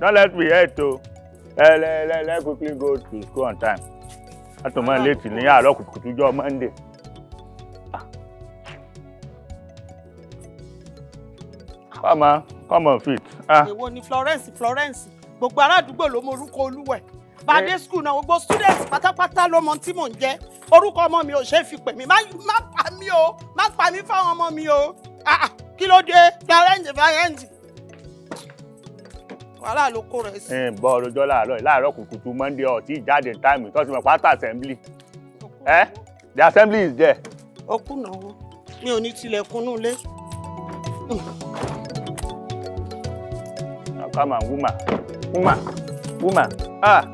Don't let me hate o. Let, let, let, quickly go to school on time. Láti mọ́ létí ní àárọ̀ kùtùkùtù jọ Monday. Ah. Come on, come on fit. Ah. Èwo ni Florence Florence gbogbo ará àdúgbò ló mọ orúkọ olúwẹ̀. Bàdé eh. school náà gbogbo students pátápátá ló mọ tí mò ń jẹ́. Orúkọ ọmọ mi ò ṣe fi pè mí. Má pa mí o, má pa mí fáwọn ọmọ mi o. Ah, Kí ló dé? Florence Florence aráàlú kó rẹ̀ sí. ẹ gbọ́ ọlọ́jọ́ láàárọ̀ láàárọ̀ kùkùtù monday ọ̀tí ìjáde táìmù tó ti mọ̀ pátá assembly ẹ the assembly is there. ó kùnà owó mi ò ní tilẹ̀kùn nù lé. come on woman woman woman ah.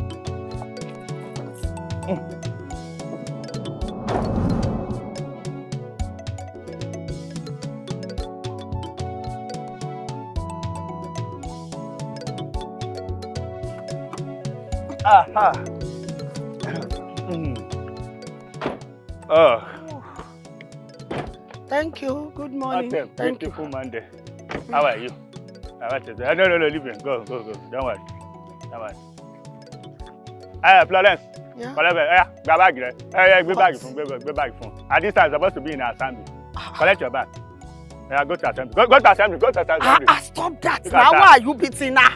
Aha. Mm. Oh. Thank you. Good morning. thank, thank you, Kumande. How are you? How are you? Ah, no, no, no, leave me. Go, go, go. Don't worry. Don't worry. Hey, ah, Florence. Yeah. Collect oh, yeah, gba bag rẹ. Hey, eh, yeah, gbé bag fún, gbé gbé bag fún. At this time supposed to be in assembly. Collect your bag. Yeah, go to assembly. Go, go to assembly. Go to assembly. Ah, ah stop that. Now why are you beating her?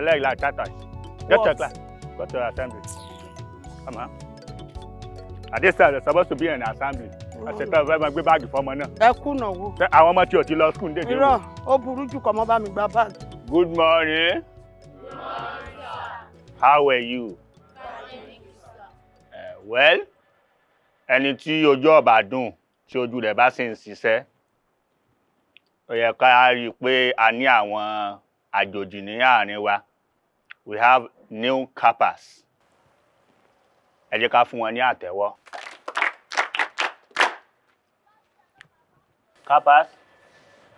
Leg like that. Get your class but your uh, assembly. Come on. At this time, there's supposed to be an assembly. Àṣetá ọ̀fẹ́ máa gbé báàgì fọmọ náà. Ẹ kùnà wo. Àwọn ọmọ tí o ti lọ skul dédé. Irọ́ ó burú jù kọ́ mọ́ bá mi gba Good morning. Good morning, sir. How are you? Uh, well, and it's your job dùn tí ojú rẹ̀ bá sì ń i pé a ní àwọn àjòjì ní àárín wa we have new cappers ẹ jẹ́ ká fún wọn ní àtẹ́wọ́. cappers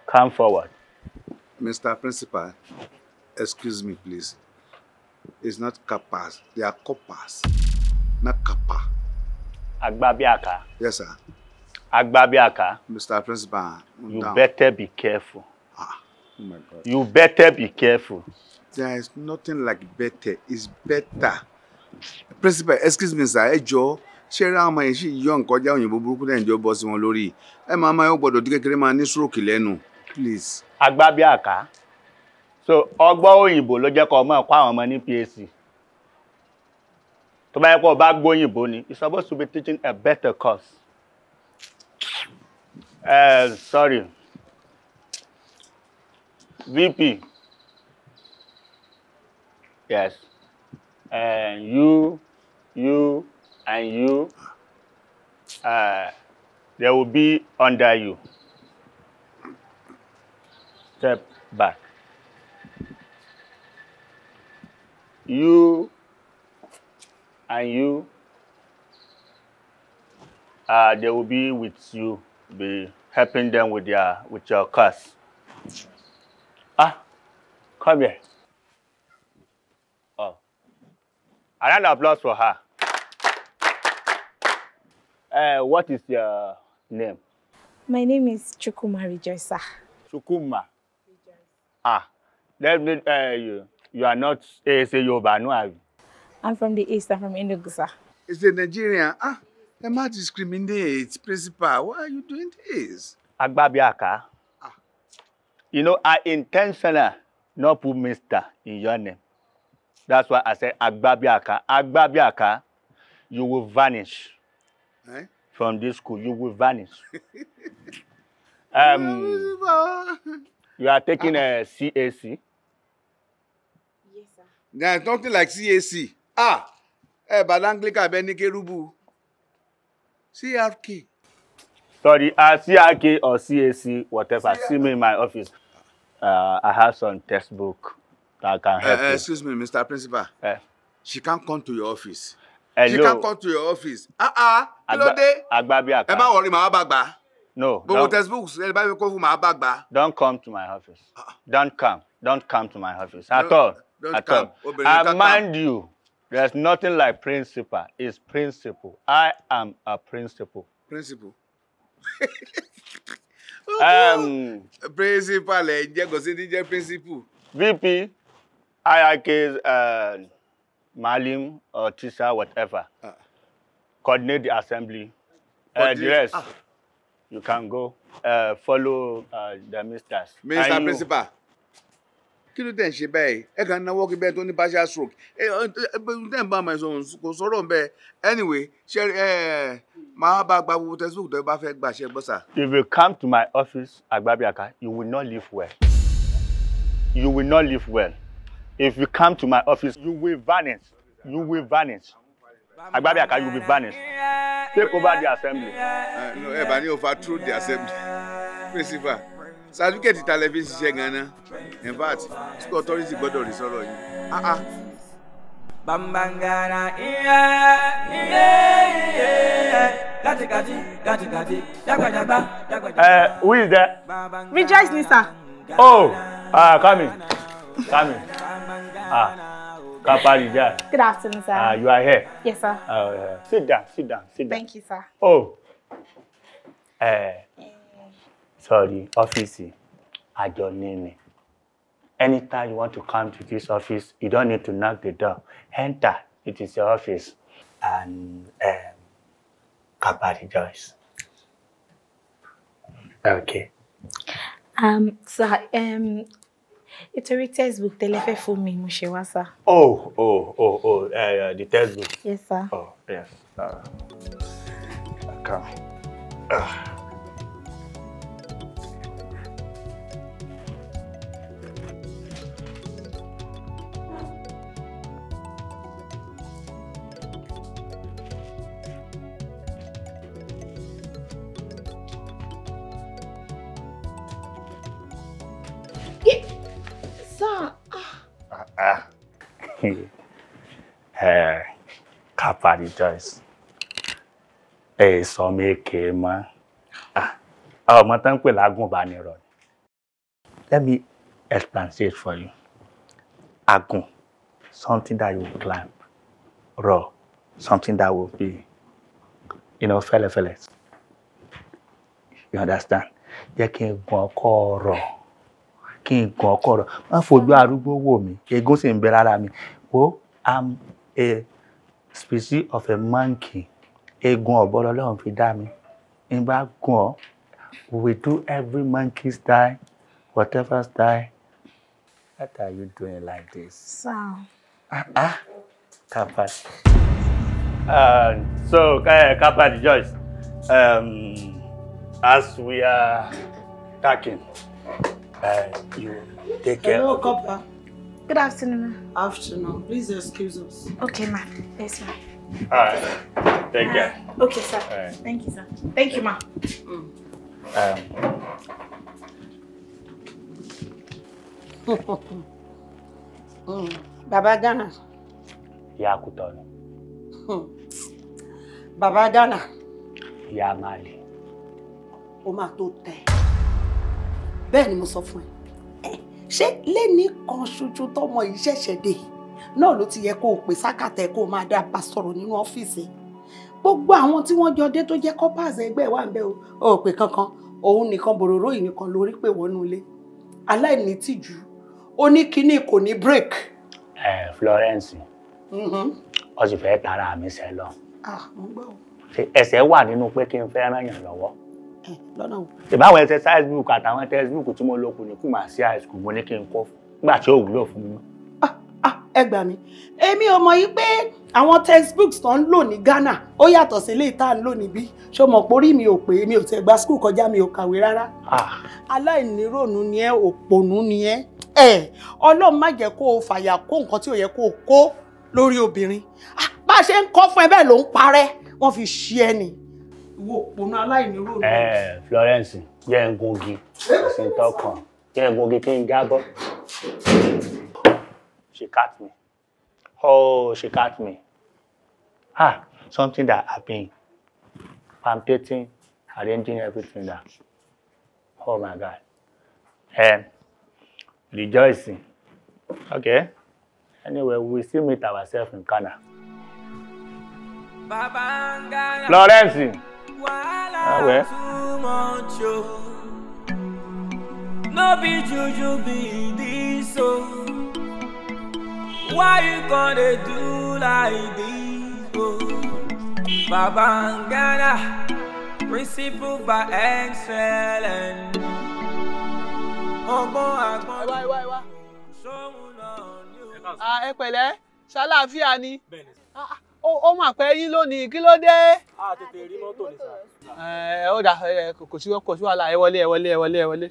come forward. Mr. Principal, excuse me, please. It's not cappers, they are coppers, not kappa. Agbabiaka. Yes, sir. Agbabiaka. Mr. Principal, you down. better be careful. Ah, oh my God. You better be careful there is nothing like better it's better principal excuse me sir ẹ jọ̀ọ́ ṣé ra ọmọ yìí sì yọ nǹkan já òyìnbó burúkú náà jọ bọ́ sí wọn lórí ẹ máa máa yọ gbọ́dọ̀ dín kékeré máa ní stroke lẹ́nu please. agbábí àká so ọgbọ́n òyìnbó ló jẹ́ kó ọmọ ẹ̀kọ́ àwọn ọmọ ní PAC tó bá yẹ kó o bá gbóyìnbó ni you suppose to be teaching a better course. Uh, sorry VP Yes. And you, you, and you, uh, they will be under you. Step back. You and you, uh, they will be with you, be helping them with their with your cause. Ah, come here. A round of applause for her. Uh, what is your name? My name is Chukuma Rejoicer. Chukuma? Ah, let me, uh, you, you are not ASA eh, Yoruba, no, are you? I'm from the East, I'm from Enugu, sir. It's a Nigerian. Ah, they might discriminate, principal. Why are you doing this? Agbabiaka. Ah. You know, I intentionally not put Mr. in your name. That's why I said Agbabiaka. Agbabiaka, you will vanish eh? from this school. You will vanish. um, you are taking a CAC. Ah. Yes, sir. There is nothing like CAC. Ah, eh, but beni Kerubu. CRK. Sorry, uh, CRK or CAC, whatever. CRK. See me in my office. Uh, I have some textbook that can eh, help uh, you. Excuse me, Mr. Principal. Uh, she can't come to your office. Hello. She can't come to your office. Ah ah, kí ló dé? Agbabi Aka. Ẹ má wọrí màá No. Gbogbo textbook ẹ bá mi kó fún Don't come to my office. Uh, don't come. Don't come to my office at don't, all. Don't at come. all. Obìnrin mind come. you. There's nothing like principal. It's principle. I am a principal. Principal. um, principal ẹ̀ jẹ́ kò sí ní jẹ́ principal. VP hierarchies, uh, malim or Tisa, whatever. Uh. Coordinate the assembly. Uh, the rest, ah. you can go uh, follow uh, the ministers. Minister and principal. kí ló dẹ̀ ń ṣe bẹ́ẹ̀ ẹ kàn ń náwó kí bẹ́ẹ̀ tó ní partial stroke ẹ ẹ dẹ̀ ń bá àmọ́ ẹ̀sọ́ kò sọ̀rọ̀ ń bẹ́ẹ̀ anyway ṣe ẹ máa bá gba gbogbo textbook tó bá fẹ́ gbà ṣe gbọ́ sà. if you come to my office Agbabiaka you will not live well you will not live well If you come to my office, you will vanish. You will vanish. Agbabiaka, you will vanish. Take over the assembly. Uh, no, Ebani overthrew the assembly. Principal, certificate ìtàlẹ́bí ń ṣiṣẹ́ gan-an. In fact, school authority gbọ́dọ̀ rí sọ́rọ̀ yìí. Ah ah. Bambangara iye iye iye gati gati gati gati jagbajagba jagbajagba. Ẹ who is there? Rejoice ni sir. Oh, uh, ah, coming. Come Ah, Kaparija. Good afternoon, sir. Ah, you are here? Yes, sir. Oh, yeah. Sit down, sit down, sit down. Thank you, sir. Oh. Eh. Sorry, office. Ajonini. Anytime you want to come to this office, you don't need to knock the door. Enter. It is your office. And um, eh, Kaparija Okay. Um, sir, um, nítorí textbook tẹ́lẹ̀ fẹ́ fún mi mo ṣe wá sá. oh oh oh oh uh, uh, the textbook. yes sir. oh yes. Uh, come. Uh. Ah. rejoice ẹ sọ mi èké mọ́ ah, ọmọ tó ń pè lágùnbánirọ̀ let me explain it for you agun something that you climb raw something that will be you know fẹlẹfẹlẹ you understand jẹ́ kí n gun ọkọ ọ̀rọ̀ kí n gun ọkọ ọ̀rọ̀ má fojú arúgbó wò mí eégún sì ń bẹ lára mi wo i'm a species of a monkey egun ọ̀bọ̀rọ̀ ọlọ́run fi dá mi n bá gùn ọ́ we do every monkey style whatever style what are you doing like this. So, ah ah kapad. Uh, um, so uh, kapad Joyce um, as we are talking uh, you take care. hello kapad. Good afternoon, Afternoon. Please excuse us. Okay, ma'am. Yes, ma'am. Alright. Take uh, care. Ah, okay, sir. Right. Thank you, sir. Thank, Thank you, ma'am. Um. mm. Baba Dana. Ìyá Kutọ́nù. Hmm. Baba Dana. Ìyá Mali. Ó máa tó tẹ̀. Bẹ́ẹ̀ ni mo ṣé lẹ́ni kan ṣoṣo tọmọ yìí ṣẹ̀ṣẹ̀ dé náà ló ti yẹ kó o pè sákàtà kó o máa dá a bá sọ̀rọ̀ nínú ọ́fíìsì gbogbo àwọn tí wọ́n jọ dé tó jẹ́ kọ́pàṣẹ ẹgbẹ́ wa ń bẹ o ò pè kankan òun nìkan bòròró yìí nìkan lórí pé wọ́n nulẹ̀ aláìní tìjú oníkíní kò ní break. ẹ Florence mm-hmm. ó sì fẹ́ tara mi sẹ́ lọ ah, ẹsẹ̀ wà nínú pé kí n fẹ́ ràn yàn lọ́wọ́ lọ́nà o. ìbáwọ̀ exercise book àtàwọn textbook tí mo lọ kò ní kú màá sí high school mo ní kí n kọ́ nígbà tí ó wúlò fún mi mọ́. Ah, ah, ẹ gbà mí èmi ò mọ̀ yí pé àwọn textbooks tó ń lò ní Ghana ó yàtọ̀ sí ilé ìta ń lò níbí ṣó mọ̀ pé orí mi ò pé mi ò tẹ̀ gba school kọjá mi ò kàwé rárá ah. aláìníròònú ni ẹ òpònú ni ẹ ẹ Ọlọ́run má jẹ́ kó o fàyà kó nǹkan tí ò yẹ kó o kó lórí obìnrin bá a ṣe ń kọ́ fún ẹ bẹ́ẹ̀ ló ń parẹ́ wọ́n fi ṣí ẹ nìyí ìwọ òpónú aláìníró lọ. ẹ eh, Florence jẹ́ ń gungi ọ̀sìn tọkàn jẹ́ ń gungi kí n jábọ́. she cut me oh she cut me ah something that happen palpating arranging everything that oh my God um, rejoicing okay anyway we still meet ourselves in Ghana. Florence àwẹ̀. Ah, oh. no be juju be this o oh. why you gonna do like this oh? baba ngana principle by excellence ọgbọ́n àgbọn. ẹ wá ẹ náà ni o. Ah, ẹ pẹ̀lẹ́ ṣàlàáfíà ni. bẹ́ẹ̀ ó mà pẹ́ yín lónìí kí ló dé. a tètè rí mọ́tò ní sá. ẹ ó dà ẹ eh, kò sí kò sí wàhálà ẹ wọlé ẹ wọlé ẹ wọlé ẹ wọlé ẹ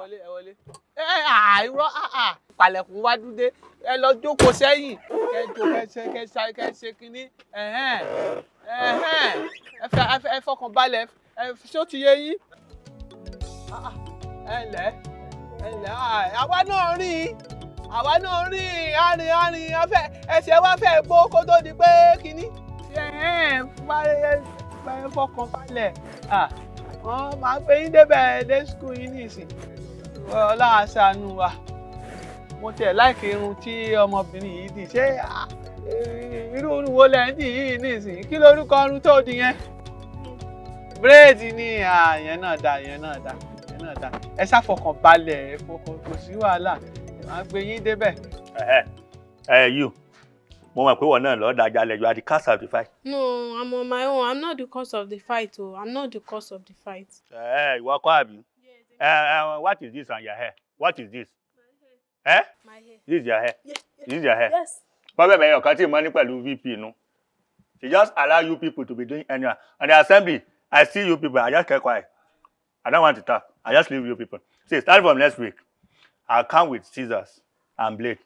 wọlé ẹ wọlé. ẹ eh, eh, à irọ́ àà pàlẹ̀kùn wá dúdé ẹ lọ jókòó sẹ́yìn kẹjọ kẹsẹ kẹsẹ kẹsẹ kínní ẹ fọkàn balẹ̀ ẹ ṣé ó ti yé yín. ẹ ǹlẹ́ ẹ ǹlẹ́ àwa náà rí i àwa náà rìn arìn arìn afẹ́ ẹsẹ̀ wa fẹ́ gbó kó tó di pé kínní. ṣé fọkàn balẹ̀ wọ́n máa gbé yín débẹ̀ dé skul yín nìsín ọlá àṣàánú wa mo tẹ̀ láìkí irun tí ọmọbìnrin yìí dì ṣé irú irun wo lẹ́yìn dì yìí nìsín kí lorúkọ irun tó di yẹn bírèèdì ni àyẹn náà dá àyẹn náà dá àyẹn náà dá ẹ ṣàfọkàn balẹ̀ ẹ fọkàn kò sí wàhálà a gbé yín débẹ̀. ẹ ẹ yìí mo mọ̀ pé wọn náà lọ́ọ́ dájà lẹ́jọ́ at the cast of the fight. no i'm on my own i'm not the cause of the fight o oh. i'm not the cause of the fight. ẹ ẹ ìwọ kọ́ àbí what is this on your hair what is this. My Eh? My hair. This is your hair. Yes. yeah. This is your hair. Yes. Problem ẹ̀yọ̀ kan tí mo ní pẹ̀lú VP nu. She just allow you people to be doing anyhow. On the assembly, I see you people, I just keep quiet. I don't want to talk. I just leave you people. See, start from next week. I come with scissors and blade.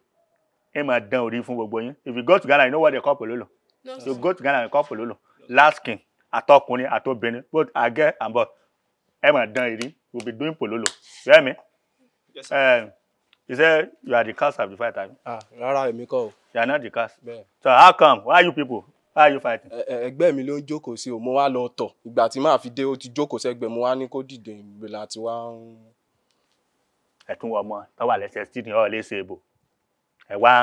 Ẹ máa dán orí fún gbogbo yín. If you go to Ghana, you know what they call pololo. No, you go to Ghana, they call pololo. Last king, àtọkùnrin, àtobìnrin, both àgẹ́ and both. Ẹ máa dán orí. We be doing pololo. You hear me? Yes, sir. Um, you say you are the cast of the fight, abi? Ah, rárá èmi kọ́ o. You are not the cast. Bẹ́ẹ̀. So how come? Why you people? Why are you fighting? Ẹgbẹ́ mi ló ń jókòó sí o, mo wá lọ tọ̀. Ìgbà tí màá fi dé, ó ti jókòó sẹ́gbẹ̀ẹ́, mo wá ní kó dìde ìgbèlà tí wàá ń ẹ̀tún ọmọ tó wà lẹ́sẹ̀ stiri ọ̀ lè ṣe bò wá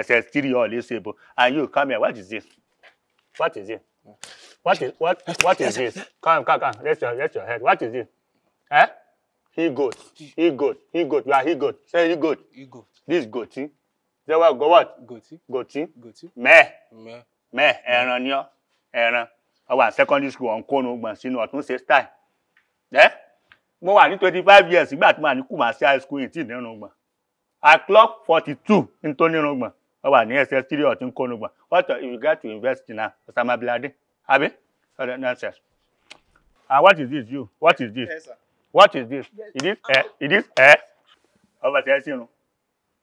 ẹsẹ̀ stiri ọ̀ lè ṣe and you come here what is this what is it what is what what is this come come come rest your rest your head what is it eh he goat he goat he goat you are he goat say he goat he goat this goatee ṣé wàá go what goatee goatee goatee mẹ́ẹ̀ ẹran ni ọ́ ẹran ọwọ́ à secondary school ọ̀nkónú gbọ̀n ọ̀tún ṣe style Eh? mo wà ní twenty five years nígbà tí mo wà ní Kumasi high school eighteen nírùngbọ̀n i clock forty two ní tó nírùngbọ̀n ọ wà ní ss three ọ̀tún kónúgbọ̀n what if uh, you get to invest in na Osama bin Laden abi ọ̀dọ̀ nonsense and ah, what is this you what is this what is this yes. it is ẹ it is ẹ ọba ṣe é sínú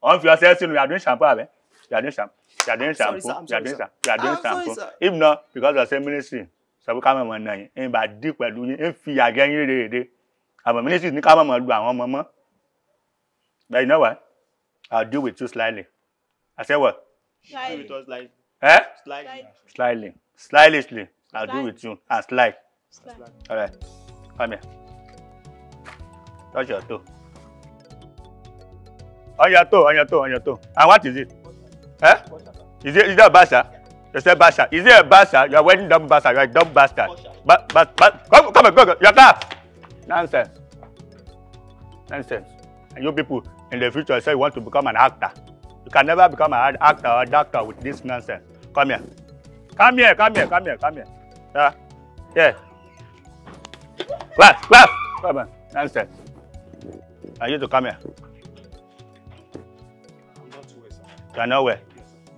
ọ̀n fi ọṣẹ sínú yàdùn ṣàǹpọ̀ àbẹ́ yàdùn ṣàǹpọ̀ yàdùn ṣàǹpọ̀ yàdùn ṣàǹpọ̀ yàdùn ṣàǹpọ̀ if not because of say ministry sọ pé ká mọ̀ mọ̀ náà yín ẹ̀ ń bá dí pẹ̀lú yín ẹ̀ ń fi yàgẹ́ yín rèé rèé àwọn ministry ní ká mọ̀ lu àwọn ọmọ mọ́ but you know what I'll deal with you slightly I say what. slightly slightly eh? slightly slightly slightly I'll deal with you and ah, slight. all right come here touch your toe. on your toe on your toe on your toe and what is it. Eh? Is it is that Basha? You said Basha. Is it a Basha? You are wearing dumb Basha. You are a dumb bastard. But but but come come on, go go. You are Nonsense. Nonsense. And you people in the future say you want to become an actor. You can never become an actor or a doctor with this nonsense. Come here. Come here, come here, come here, come here. Yeah. Yeah. Clap, clap. Come on. Nonsense. And you to come here. I'm not well, sir. You are not well.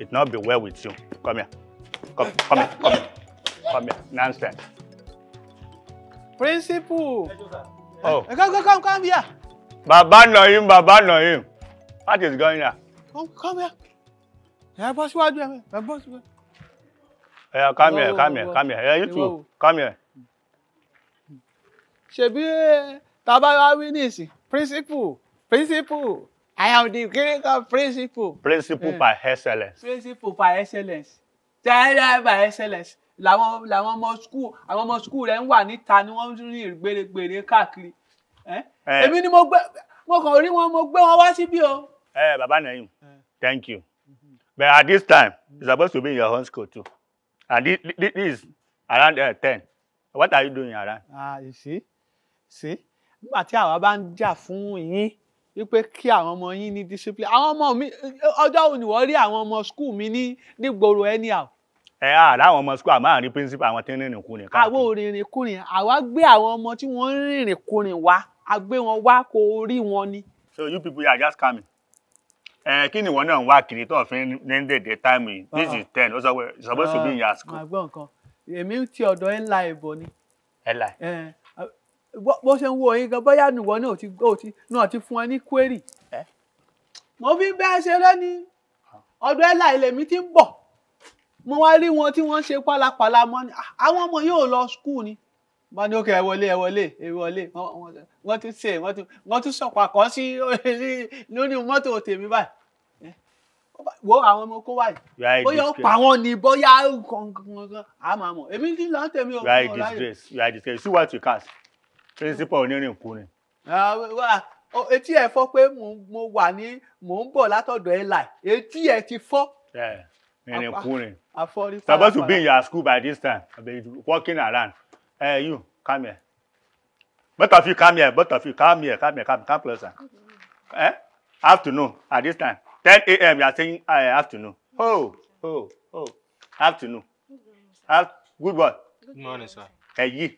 it not be well with you. Come here. Come, come here, come here. Come here. Nonsense. principal. oh, come come come come here. Baba no him, Baba no him. what is going on. come come here. ẹ boss, síwájú ẹ ẹ bọ́ síwájú. ẹ come here come here come here ẹ you too come here. Shebi, tabawa wí ní principal principal I am the clinical principal. Principal yeah. by excellence. Principal by excellence. General by excellence làwọn làwọn ọmọ skul àwọn ọmọ skul rẹ ń wà níta ni wọ́n ń rìn gbèrègbèrè káàkiri èmi ni mo gbé mo kàn rí wọn mo gbé wọn wá síbí o. ẹ Baba Naim thank you but at this time you suppose to be in your own school too and this, this is around uh, ten what are you doing around. ah you see see nígbà tí àwa bá ń jà fún yín wípé kí àwọn ọmọ yín ní discipline àwọn ọmọ mi ọjọ́ òní wọ́n rí àwọn ọmọ skul mi ní nígboro anyhow ẹ á láwọn ọmọ skul àmọ́ àárín principal àwọn tí ń rìnrìn kùnrin káàkiri. àwọn òrìnrìn kùnrin àwa gbé àwọn ọmọ tí wọ́n ń rìnrìn kùnrin wá a gbé wọn wá kó rí wọn ni. so you people are just coming. ẹ kí ni ìwọ náà ń wá kiri tó fi ń dèdè time this uh-uh. is ten ó sọ pé it's supposed to be in your school. Ah, àgbọ̀ nǹkan èmi ti ọ̀dọ̀ ẹ̀ ń la ẹ̀bọ̀ ni. ẹ la ẹ. bó ṣe ń wo yín gan bóyá ìwọ náà ti náà ti fún ẹ ní query. mo fi bẹ́ẹ̀ ṣeré ni ah. ọ̀dọ̀ ẹ̀ la ilẹ̀ mi ti ń bọ̀ mo wá rí wọn tí wọ́n ṣe pálapàla mọ́ ni ah, àwọn ọmọ yóò lọ skul ni wọ́n ní ókè ẹ wọlé ẹ wọlé ẹ wọlé wọ́n tún ṣe wọ́n tún sọ̀pọ̀ àkọ́ sí lórí mọ́tò tèmi báyìí eh, wo àwọn ọmọ kó wáyé bóyá ó pa wọn ni bóyá kankan a máa mọ̀ èmi ní láti tẹ̀mí ọkọ láyé. you are a disgrace you are a disgrace see what you cast principal onírin kú ni. Ah, etí ẹ fọ́ pé mo wà ní mò ń bọ̀ látọ̀dọ̀ ẹ láì etí ẹ ti fọ́ and then pulling. Supposed to be in your school by this time. I'll be walking around. Hey, you, come here. Both of you come here. Both of you come here. Come here. Come, come closer. Eh? Afternoon at this time. 10 a.m. You are saying uh, afternoon. Oh, oh, oh. Afternoon. Af good boy. Good morning, sir. Hey, ye.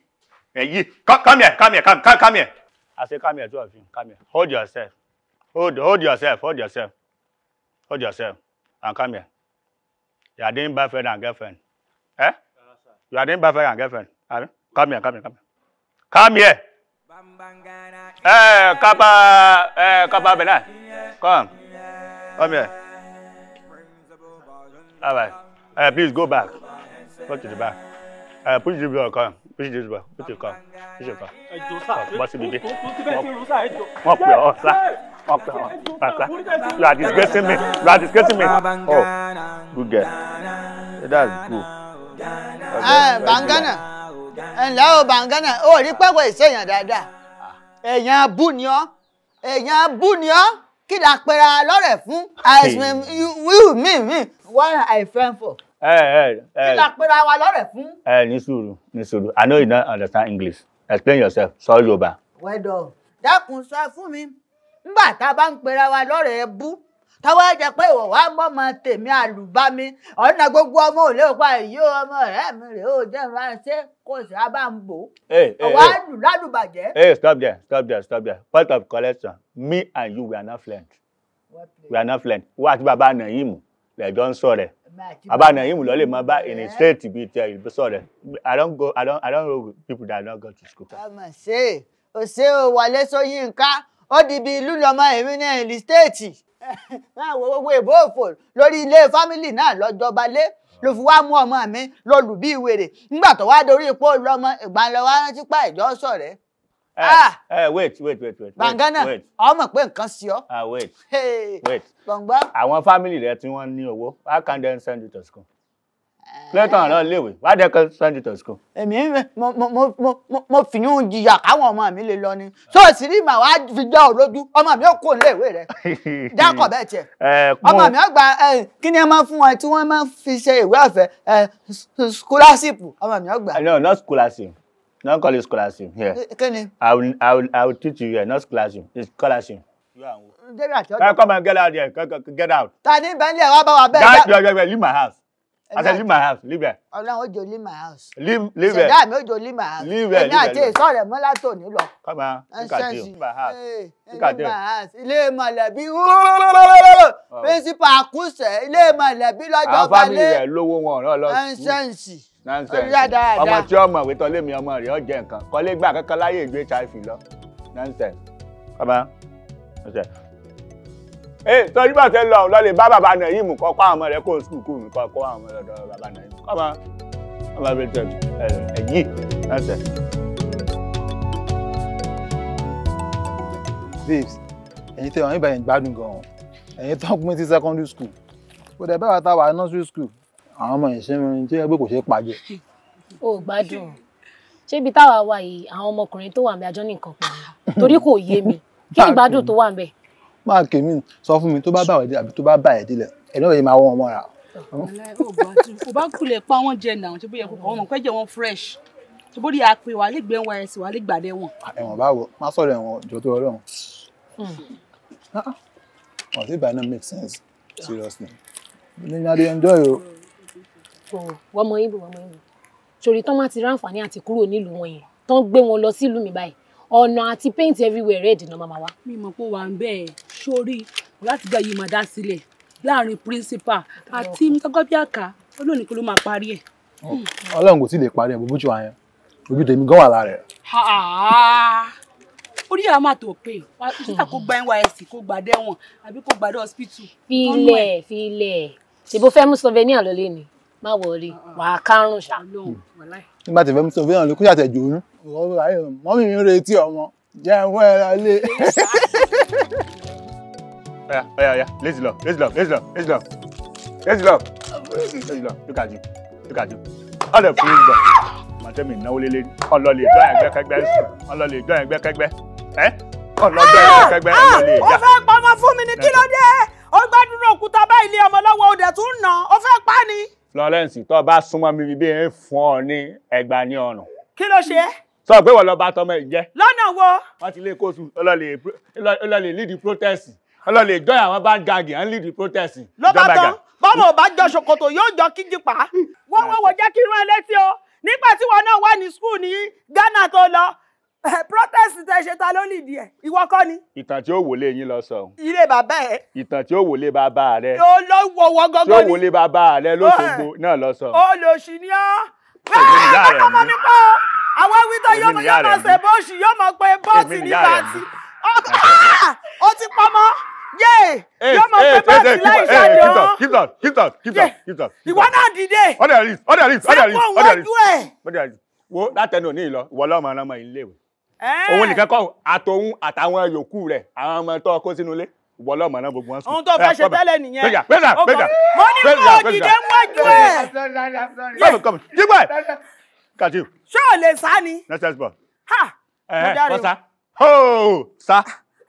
Hey, ye. Come, come here. Come here. Come, come, come here. I say, come here, two of you. Come here. Hold yourself. Hold, hold yourself. Hold yourself. Hold yourself. And come here. You are doing boyfriend and girlfriend. Eh? You are doing boyfriend and girlfriend. Abi? Come here, come here, come here. Come here. Hey, Kappa, hey, Kappa Benai. Come. Come here. All right. Uh, please go back. Go to the back. Hey, push this door, come. Push this back. Push your car. Push your car. Bọ́sí bíbí. Wọ́n pè ọ́ sá. You are disgusting me. You are disgusting me. Oh, good girl. That's good. Ah, Bangana And eh, now Bangana Oh, rí pẹ́pẹ́ ìṣèyàn dáadáa èèyàn abú ni ọ́ èèyàn abú ni ọ́ kí ni àpẹẹrẹ lọ́rẹ̀ fún àìsàn wíwù mí mí wọ́n àìfẹ́ fọ̀ ẹ ẹ ẹ kí la pera wa lọ́rẹ̀ fun. Eh, ní sùúrù ní sùúrù I know you don't understand English explain yourself Sorry, sọ Yorùbá. wẹ́dọ̀ dákun sọ fún me. ńgbà tá a bá ń pera wa bú tọ́wọ́ jẹ pé ìwọ wá mọ àlùbami ọ̀nà gbogbo ọmọ ò lè pa èyí ọmọ rẹ mi rè ó jẹ́ ìrora ṣé kò sí lù hey stop there stop there stop there part of collection me and you we are not friends we are not friends wọ́n àti bàbá nàyìmù lẹ́jọ́ ń sọ̀rẹ̀ bàbá lọ́ọ́ lè máa bá sọ ó di ibi ìlú lọmọ èmi ní ẹ̀lì stéètì máa wo gbogbo ìbò òfò lórí ilé fámìlì náà lọ́jọba lé ló fi wá mú ọmọ mi lọ lù bí wèrè nígbà tó wá dorí ipò lọmọ ìgbàlọ́wọ́ rántí pa ìjọ sọ̀rẹ́. ẹ eh, ẹ ah! eh, wait wait wait wait. bàǹgánà ọmọ pé nǹkan sí ọ. ah wait Hey. wait. gbọ̀ngbọ́n. àwọn fámìlì rẹ tí wọ́n ní owó how can they send you to school lẹ́tọ̀ àrọ́ iléèwé wádẹ́ kan sunday to school. èmi mo mo mo mo fi yún jìyà káwọn ọmọ mi lè lọ ni so sírí màá wá fi gbá ọ lójú ọmọ mi ò kó iléèwé rẹ dákọ̀ bẹ́ẹ̀ tiẹ̀ ọmọ mi ò gba kí ni ẹ máa fún wọn tí wọ́n máa fi ṣe ìwé ọ̀fẹ́ scholarship ọmọ mi ò gba. no not scholarship don't call it scholarship here I will, I will, I will teach you here not scholarship it's scholarship. Come and get out here. Get out. Tani Bentley, wá bá wa bẹ́ẹ̀. Get out. Leave my house. I said, leave my house, leave there. Ọlọ́run ó you leave my house. Leave leave there. Ṣẹ̀dá mi ó jò leave my house. Leave there, leave there. Sorry, I'm not rẹ̀ you látò Come on, look at you. Leave my house. Leave my Look at you. Leave my pínsípà àkúṣẹ̀ ilé mọ̀lẹ́bí lọ́jọ́ balẹ̀. Àwọn fámìlì low. lówó wọn ọ̀rọ̀ lọ. Ẹnsẹ́ǹsì. Ọmọ tí ọmọ ìwé tọ́lé mi ọmọ rẹ̀ ọ̀jẹ̀ nǹkan. Kọ́lé gbà kankan láyé ìgbé HIV lọ. Nonsense. Come on ee torí bá tẹ lọ lọlẹ bá bàbá náà yìí mú kọ kó àwọn ọmọ rẹ kó sùkúù kó mi kọ kó àwọn ọmọ bàbá náà yìí kọ́ máa ọmọ rẹ tẹ ẹ̀yìn ẹsẹ̀. babes ẹ̀yin tẹ ọ̀hún ìbàyẹn gbádùn gan-an ẹ̀yin tó ń pín sí secondary school kò dẹ̀ báwa táwa nursery school àwọn ọmọ ìṣe mi tí ẹgbẹ́ kò ṣe é pàjẹ́. o gbádùn ṣébi táwa wà yìí àwọn ọmọkùnrin tó wà ń bẹ àjọ nìkan pẹ̀lú torí kò yé mi kí ìgbádùn tó wà ń bẹ máa kèmí sọ fún mi tó bá bà wẹ̀ dé àbí tó bá bà ẹ̀ délẹ̀ ẹ̀ náà yẹ máa wọ́n ọmọ rà. kò bá kulẹ̀ pa wọ́n jẹ náà tó bí yẹ kó kọ́ wọn pẹ́jẹ wọn fresh tó bó di àpè wà lẹ́gbẹ̀ẹ́ wọn ẹ̀sìn wà lẹ́gbàdẹ́ wọn. ẹ̀wọ̀n báwo má sọ̀rọ̀ ẹ̀wọ̀n jọ tó ọlọ́run. ọ̀hún tí ìbànú make sense seriously. ní adé enjoy o. wọ́n mọ ibo wọ́n mọ ibo sori tán má ti ráǹfààní àti kúrò nílùú wọn yẹn tán gbé wọn lọ sílùú mi báyìí ọ̀nà àti paint everywhere red náà màmá wa. mi mọ̀ pé wà ń bẹ́ẹ̀ sórí láti gbà yìí máa dá sílẹ̀ láàrin principal àti mọ́gọ́bíàká olóòní kó ló máa parí ẹ̀. ọlọ́run kò tí ì lè parí ẹ̀ bó bójú wa yẹn ojú tèmi gan wà lára ẹ̀. orí àwọn máa tó pé sísà kó gba nysc kó gba dẹ́wọ̀n àbí kó gba dé hospital. filẹ̀ filẹ̀ ṣèbó fẹ́ mú souvenir lọ lé ni má wọrí wàá kárùn-ún ṣá. nígbà tí fẹ́ mú souvenir lọ kó yàtẹ̀ jòónú mọ́mí mi ń retí ọmọ jẹun ẹran lé. ọ̀yà ọ̀yà ọ̀yà lazy love lazy love lazy love lazy love lazy love lazy love look at you look at you all of you love màtẹ́mi náwó lélẹ́ ọlọ́lẹ̀ gbọ́ ẹ̀gbẹ́ kẹgbẹ́ ọlọ́lẹ̀ gbọ́ ẹ̀gbẹ́ kẹgbẹ́ ẹ́ ọlọ́gbẹ́ ẹ̀gbẹ́ kẹgbẹ́ ọlọ́lẹ̀ ìjà. ó ah, fẹ́ pọmọ fún mi ní kí ló dé ó gbádùn òkúta bá ilé ọmọ lọ́wọ́ ó dẹ̀ tún nà ó fẹ́ pa ni. Florence tó o bá súnmọ́ mi bíi ń fún ọ ní ẹgbàá ní ọ̀nà. kí ló ṣe é sọ pé wọ́n lọ bá tọmọ ẹ̀ jẹ́. lọ́nà wo. wọ́n ti lé e kóòtù ọlọ́lẹ̀ lead protest ọlọ́lẹ̀ join àwọn bá ń gàgì and lead protest. ló bá tán bọ́mọ̀ bá jọ ṣòkòtò yóò jọ kíjì pa. wọ́n wọ́n wò jẹ́ kí irun ẹ létí o nígbà tí wọn náà wà ní skul ní Ghana tó lọ eh, protest tẹ ṣe ta ló nìdí ẹ ìwọ kọ́ ni. ìtàn tí ó wòlé yín lọ sọ. ilé bàbá ẹ. ìtàn tí ó wòlé bàbá rẹ. ó lọ wọwọ gọgọ ni. tí ó wòlé bàbá rẹ lóṣogbo eh, náà lọ sọ. olóṣì ọ́ ẹ̀ẹ́dẹ́gbẹ́ mọ́ mi pọ̀ àwọn wíńdò yóò máa ṣe bóòṣì yóò máa pe bọ́ọ̀tì ní bàtì ah! ó ti pamọ́ yóò máa pe bọ́ọ̀tì láì ṣàdó ìwọ náà dìde sẹ́kọ̀ọ́ wọ́jú ẹ̀. wo látẹnu òní ìlọ ìwọ lọ́mọ ọmọ ilé ìwé òun nìkan kọ́ àtòun àtàwọn yòókù rẹ̀ àwọn ọmọ tó kó sínú ilé wọ lọ́mọ náà gbogbo wọn sùn. ohun tó fẹ́ ṣe tẹ́lẹ̀ nìyẹn. bẹ́ẹ̀ bẹ́ẹ̀ bẹ́ẹ̀ mo ní kó dìde wájú ẹ̀. kọ́mi kọ́mi jígbọ́ ẹ̀ kàtíw. ṣé o lè sá ni. next time ball. ha mo dáre o. bọ́sà hóò sá.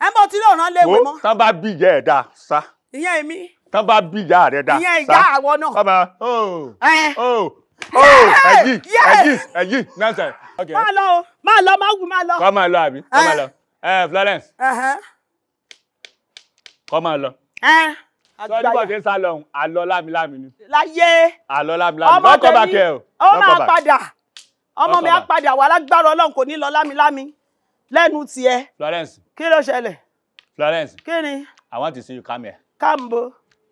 ẹ bọ́ tí lóòrán léwu mọ́. wo tán bá bí ìyá ẹ̀ dá sá. ìyẹn èmi. tán bá bí ìyá rẹ̀ dá sá. ìyẹn ìyá àwọ náà. kọ́mọ hóò hóò ẹ̀yìn ẹ̀yìn ẹ̀yìn náà sẹ̀. máa lọ máa lọ máa wù máa lọ. kọ́ máa lọ àbí kọ́ máa lọ. Eh, Florence kọ́ máa lọ. sọ ní bọ́ọ̀sì ń sá lọ ọ̀hún àlọ́ lámilámi ni. láyé àlọ́ lámilámi lọ́kọ̀ bá kẹ́ ọ̀ lọ́kọ̀ bá kẹ́ ọ̀ ọmọ mi á padà wà lágbára ọlọ́run kò ní lọ lámilámi lẹ́nu tiẹ̀. Florence kí ló ṣẹlẹ̀. Florence kí ni. I want to see you come here. kambo.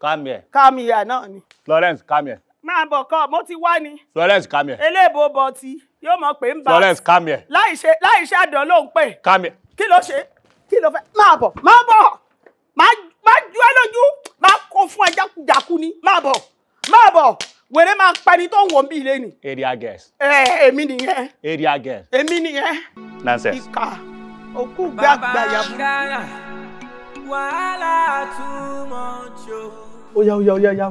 come here. come here náà ni. Florence come here. máa bọ̀ kọ́ mo ti wá ni. Florence come here. eléèbó bọ̀ ti yóò mọ̀ pé ń bá. Florence come here. láìṣe láìṣe àdán ló ń pè. come here. kí ló ṣe kí ló fẹ́ máa bọ̀ máa bọ̀ máa máa ju ẹ lójú máa kó fún ajákujàku ni máa bọ̀ máa bọ̀ wèrè máa pani tó ń bí ilé ni. area girls. ẹ èmi nìyẹn. area girls. èmi nìyẹn. nonsense. ìkà òkú gbé bàbá wàhálà too much o. ó yá ó yá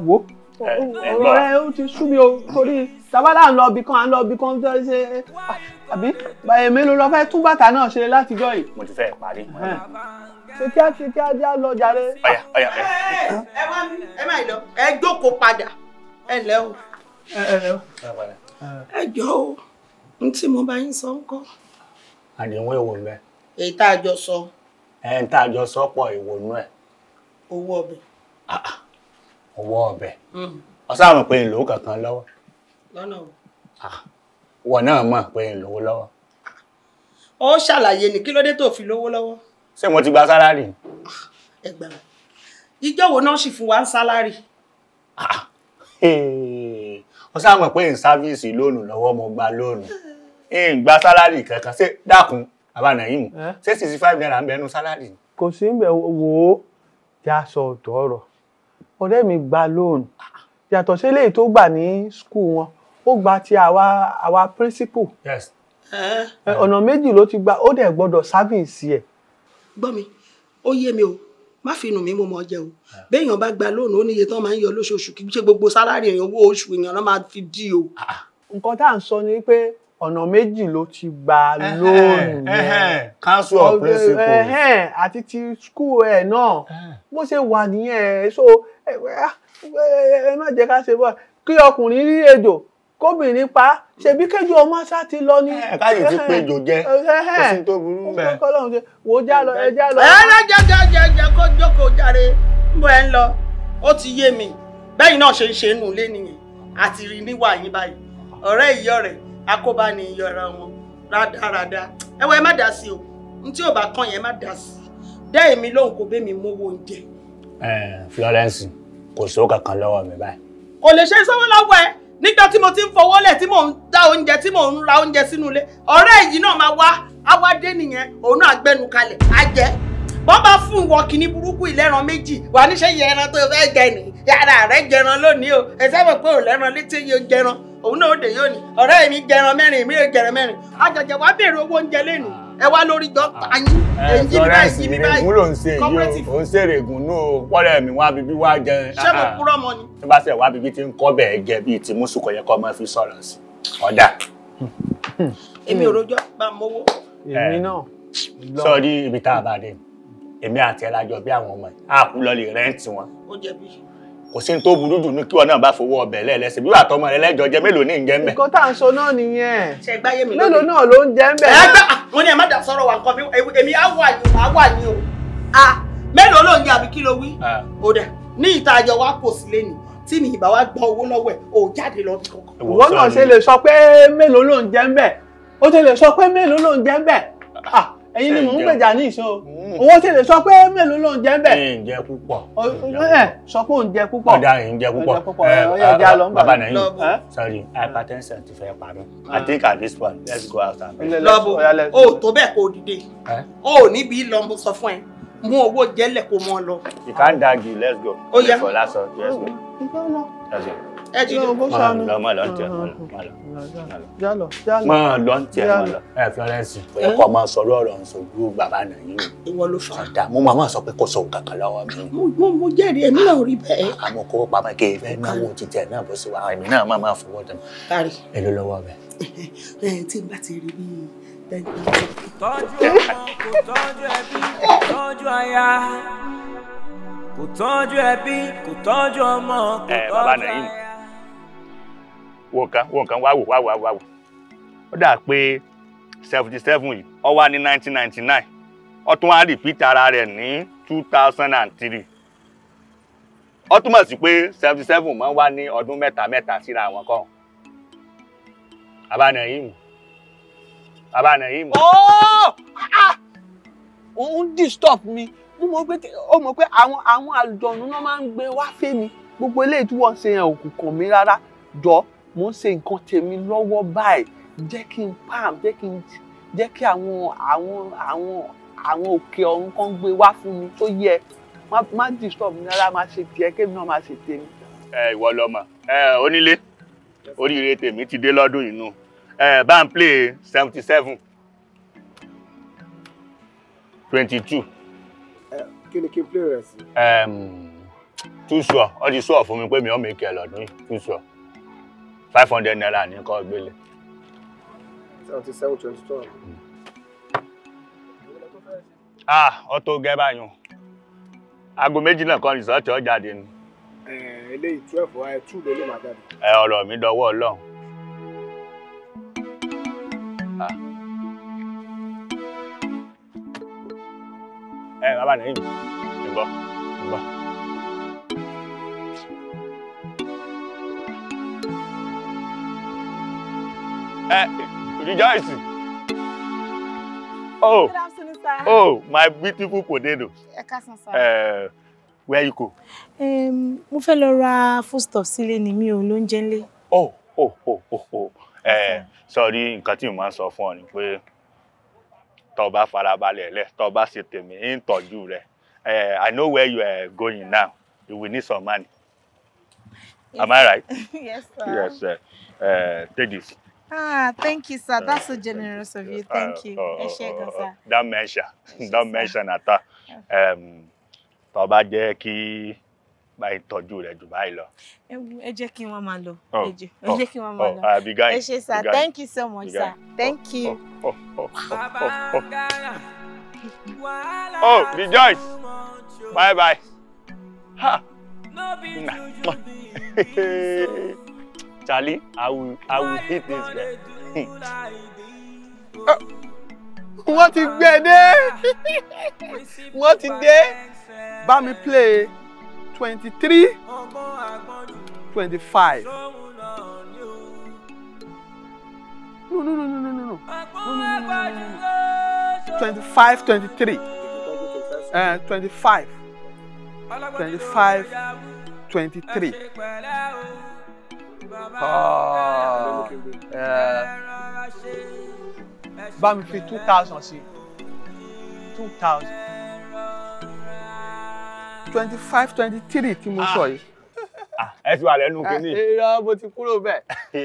ọ̀rọ̀ ẹ ó ti sú mi o torí tabala ń lọ ibì kan ń lọ ibì kan fẹ́ ṣe àbí báyìí mélòó lọ fẹ́ tún bàtà náà ṣe látijọ́ yìí. mo ti fẹ́ parí ṣe kí á ṣe kí á já lọ jàre. ọ̀yà ọ̀yà ẹ. ẹ má ẹ má lọ ẹ jókòó padà ẹ lẹ o. ẹ lẹ o. ẹ jọ o n tí mo bá yín sọ ń kọ́. àdéhùn èwo mẹ. èyí tá a jọ sọ. ẹ ń tá a jọ sọ pọ̀ èwo nú ẹ̀. owó ọbẹ̀. Ah, ah. owó ọbẹ̀. Hmm. ọ̀sán àmọ̀ pé n lò ó kankan lọ́wọ́. lọ́nà o. Ah, wọ̀ náà mọ̀ pé n lò ó lọ́wọ́. ó ṣàlàyé ní kí ló dé tó fi lówó lọ́wọ́ se wọ́n ti gba sálárì? ẹgbà ìjọ wo náà sì fún wa ah sálárì. Eh, wọ́n sáà mọ̀ pé ń sáfíìsì lónù lọ́wọ́ mo gba lónù ń gba sálárì kankan ṣé dákun àbànà yìí mu ṣé sixty five naira ń bẹnu sálárì. kò sí ń bẹ̀ wò ó já sọ ọ̀tọ̀ ọ̀rọ̀ ọ̀rẹ́ mi gba lónù yàtọ̀ sí eléyìí tó gbà ní skul wọn ó gba ti àwa àwa principal ọ̀nà méjì ló ti gba ó dẹ̀ gbọ́dọ̀ sáfíìsì ẹ̀ gbọ́ mi ó yé mi o má fi inú mi mú mọ jẹ o béèyàn bá gba lónìí ó níye tán máa ń yọ lóṣooṣù kí ṣe gbogbo sálárì èèyàn owó oṣù èèyàn náà máa fi dí o. Ah, ah. nǹkan tá à ń sọ ni pé ọ̀nà méjì ló ti gba eh, eh, lóòrùn yẹn eh, council of principles àti ti school ẹ̀ náà bó ṣe wà nìyẹn so ah, ẹ má jẹ́ ká ṣe bọ́ kí ọkùnrin rí ejò kóbìnrin pa ṣebí kéjọ ọmọ ṣá ti lọ ní. ẹ eh, káyọ̀ ti pé jò jẹ eh, eh, kò sí tó burú bẹ́ẹ̀. kọ́lọ́run ṣe wò ó já lọ ẹ já lọ. ẹ ẹ jẹ jẹ jẹ jẹ kó jókòó jàre ń bọ ẹ ń lọ ó ti yé mi bẹ́yìn náà ṣe ń ṣe nù lé nìyẹn àti rí níwà yín báyìí ọ̀rẹ́ ìyọ́ rẹ̀ akóbá ni ìyọra wọn rádaràda ẹ wọ ẹ má dá sí o n tí ò bá kàn yẹn má dá sí dẹ́ èmi lóhùn kò bẹ́ẹ̀ mi mówó oúnjẹ. Florence kò sówó kankan lọ́wọ́ mi báyìí. kò lè ṣe sọ́wọ́ lọ́wọ́ ẹ nígbà tí mo ti ń fọwọ́ lẹ̀ tí mò ń dá oúnjẹ tí mò ń ra oúnjẹ sínú ilé ọ̀rẹ́ yìí náà máa wá awádé nìyẹn òun náà gbẹnu kalẹ̀ àjẹ́ wọ́n bá fún ìwọ kìíní burúkú ìlẹ́ran méjì wà níṣẹ́ yẹ ẹran tó fẹ́ jẹ nì yàrá rẹ jẹran lónìí o ẹsẹ́ mọ̀ pé òun lẹ́ran létí yóò jẹran òun náà ó dè yóò ní ọ̀rẹ́ mi jẹran mẹ́rin mi ò jẹran mẹ́rin àjàjà wàá béèrè owó oúnjẹ lénìí ẹ wá lórí dọ́kítà ah. yín eh, èyí bí báyìí bí báyìí ló ń ṣe yìí o ń ṣèrè gùnú o pọ́lẹ̀ mi wá bíbí wá jẹ. ṣé mo kúrọ́ ah, ah. mọ ni. tó bá ṣe wá bíbí tí ń kọ́ bẹ̀ẹ́ gẹ bíi ti mùsùkọ yẹ kọ́ máa fi sọ̀rọ̀ sí ọ̀dà. èmi ò rojọ́ bá mowó. Eh. èmi náà. sọ́ọ́rí ibi tá a bá dé èmi àti ẹ̀ lájọ bí àwọn ọmọ yìí á kú lọ́ọ́ lè rẹ́ǹtì wọn. ó jẹ bí kò sí tó burú jù ní kí wọn náà bá fowó ọbẹ̀ lẹ́ẹ̀lẹ́sẹ̀ bí wàá tọmọ rẹ lẹ́jọ jẹ mélòó ní ìjẹ́ ń bẹ̀. nǹkan tá à ń sọ náà nìyẹn mélòó náà ló ń jẹ́ ń bẹ̀. wọ́n ah, ní ẹ má dà sọ̀rọ̀ wa nǹkan mi èmi á wà ní á wà ní o a ah, mélòó ló ń jẹ àbí kí ló wí. Ah. ó dà ní ìta àjọ wa kò sí lẹ́nu tí mi ìbá wa gba owó lọ́wọ́ ẹ̀ ò jáde lọ bí kankan. ìwọ náà ṣe lè sọ pé mélòó ló ń jẹ́ ń ẹ̀yin ni mò ń gbèjà ní ìṣó owó tí lè sọ pé mélòó ló ń jẹ bẹ. ẹ ǹjẹ púpọ̀. ẹ sọ pé ò ń jẹ púpọ̀. ọ̀dà ẹ̀ jẹ púpọ̀ ẹ bàbá sorry hypertension ti fẹ́ pa i think at this one let's go out and. lọ́bù o tó bẹ́ẹ̀ kó dìde o ò níbi lọ́bù sọ fún ẹ mú owó jẹ́lẹ̀ kó mọ́ lọ. you can't argue let's go. ó yá. let's go ẹ ti lọ bó ṣàánú. má lọ má lọ ntẹ má lọ má lọ má lọ má Florence ẹ kọ́ máa sọ̀rọ̀ ọ̀rọ̀ nsọ̀rọ̀ bàbá nàyí. ìwọ ló fà. ọ̀dà mo máa sọ pé kò sọ kankan lọ́wọ́ mi. mo mo jẹ́rìí èmi náà rí bẹ́ẹ̀. àmọ́ ah, kó pamọ́ kí ẹ náwó títẹ náà bó ṣe wà èmi náà má máa fọwọ́ dán. kárí. èló lọ́wọ́ bẹ́ẹ̀. ẹ eh, tí n bá ti rí bí tọ́jú ọmọ kò tọ́jú ẹbí kò tọ́jú aya kò tọ́jú ẹbí kò tọ́jú ọmọ kò eh, tọ́jú aya wọ kan wọ kan wá wò wá ó dà pé seventy seven yìí ó wá ní nineteen ninety nine ó tún wá repeat ara rẹ̀ ní two thousand and three ó túmọ̀ sí pé seventy seven máa ń wá ní ọdún mẹ́ta mẹ́ta síra wọn kọ́ abáná yìí mú abáná yìí mú. òun ah, ah! disturb mi mo mọ̀ pé ó mọ̀ pé àwọn àwọn àlùjọ̀nù náà máa ń gbé wá fẹ́ mi gbogbo eléyìí tí wọ́n ṣe yẹn òkùnkùn mi rárá jọ mò ń ṣe nǹkan tèmi lọ́wọ́ báyìí jẹ́ kí n palm jẹ́ kí n jẹ́ kí àwọn àwọn àwọn àwọn òkè ọ̀run kan gbé wá fún mi tó yẹ má disturb mi rárá má ṣe tiẹ̀ kémi náà má ṣe tèmi. ẹ ìwọ lọmọ ẹ onílé oríire tèmi ti dé lọ́dún yìí nù ẹ bá ń play seventy seven twenty two. kí ni kí n play rẹ sí. too sure ọ ti sọ fún mi pé mi ò mèkè lọ́dún yìí too sure. five hundred naira ní gbele. gbélé. seventy ah ọtọ gẹ báyọ aago méjì náà kan rìsọ́ọ̀tì ọjà ni. Eh, eléyìí twelve wa eh, two ló lè máa jáde. ẹ ọrọ mi dọwọ́ ọlọ́run. ẹ ah. eh, bàbá nìyí ń ń Eh, rejoice. Oh. Good afternoon, sir. Oh, my beautiful potato. Ẹ sir. Eh, where you go? Um, mo fẹ́ lọ ra foodstuff sílé ni mi ò lọ ńjẹ ńlé. Oh, oh, oh, oh, oh. Eh, sorry, nǹkan tí mo máa sọ fún ọ ni pé tó bá farabalẹ̀ lẹ̀, tó bá ṣe tèmi ń tọ́jú rẹ̀. Eh, I know where you are going now. You will need some money. Am I right? yes, sir. Yes, sir. Uh, take this. Ah, thank you, sir. That's so generous of you. Thank you. Ẹ ṣé sir. Ah, oh, oh, that oh, measure, that measure nata. Um, tó bá jẹ́ kí Ki, tọ́jú rẹ̀ jù báyìí lọ. Ẹ jẹ́ kí wọ́n máa lo. Ẹ je ki wọ́n máa lọ. Uh, ẹ ṣé thank you so much sir, thank you. Oh, rejoice! Bye bye. Ha! Nah. Charlie, I will, I will hit this guy. Ah, wọ́n ti gbé e dé! Wọ́n ti dé! Bá play twenty three twenty five. No, no, no, no, no, no, no, no, no, no, no. Twenty five, twenty three. Uh, eh, twenty five. Twenty five, twenty three. Ah, bá mi fi two thousand si, two thousand twenty five twenty three tí mo ah. sọ yìí. Ah, ẹ ti wà lẹ́nu kínní. Eh, irọ́ mo ti kúrò bẹ́ẹ̀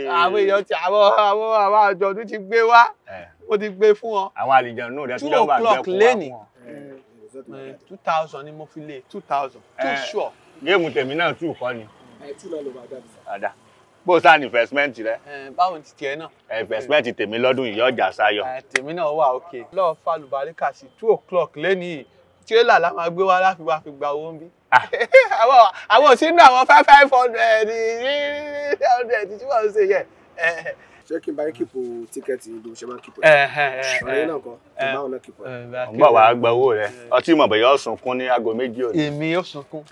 àwọn èèyàn ti àwọn àwọn àwọn àjọ̀dún ti gbé wá eh. mo ti gbé fún wọn. àwọn àlejò náà rẹ tún lọ́wọ́ àgbẹ̀kùn wá fún wọn. Eh, two thousand ni mo fi lé two thousand two sure. géèmù tèmi náà tù kọ́ ni. ẹ tù lọ lọ bá dábìsà bó sá ní investment rẹ. báwo ti tiẹ̀ náà. investment tèmi lọ́dún yìí ọjà sáyọ. tèmi náà wà òkè lọ́ọ́ falùbáríkà sí two o'clock lẹ́nìí tírélà la máa gbé wá láfi wá fi gba owó ń bí. Ah. àwọn sínú àwọn five five hundred three hundred tí wọ́n ṣe yẹ. ṣé kí n bá yín kìpò tíkẹ́ẹ̀tì ìlú ṣe máa kìpò ẹ̀ ọ̀rẹ́ náà kọ́ ìbá ọ̀nà gba owó rẹ ọtí mọ̀ bẹ̀yẹ ó sunkún ní aago méjì òní. èmi ó sunkún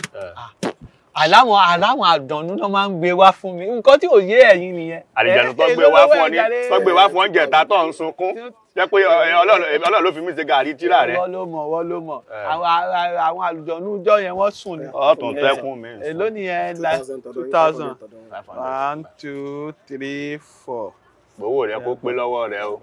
àláwọn àláwọn àdánù náà máa ń gbé wá fún mi nǹkan tí ò yé ẹ̀yin nìyẹn. àlìjẹ̀nu tó gbé wá fún ọ ní tó gbé wá fún ọ jẹ̀ta tó ń sunkún jẹ́ pé ọlọ́run ló fi mí ṣe gàrí tíra rẹ̀. wọ́n ló mọ̀ wọ́n ló mọ̀ àwọn àlùjọ̀nú ọjọ́ yẹn wọ́n sùn ni. ọ̀tún tẹ́kùn mi. èló nìyẹn la two thousand one two three four. gbowó rẹ kó pé lọ́wọ́ rẹ o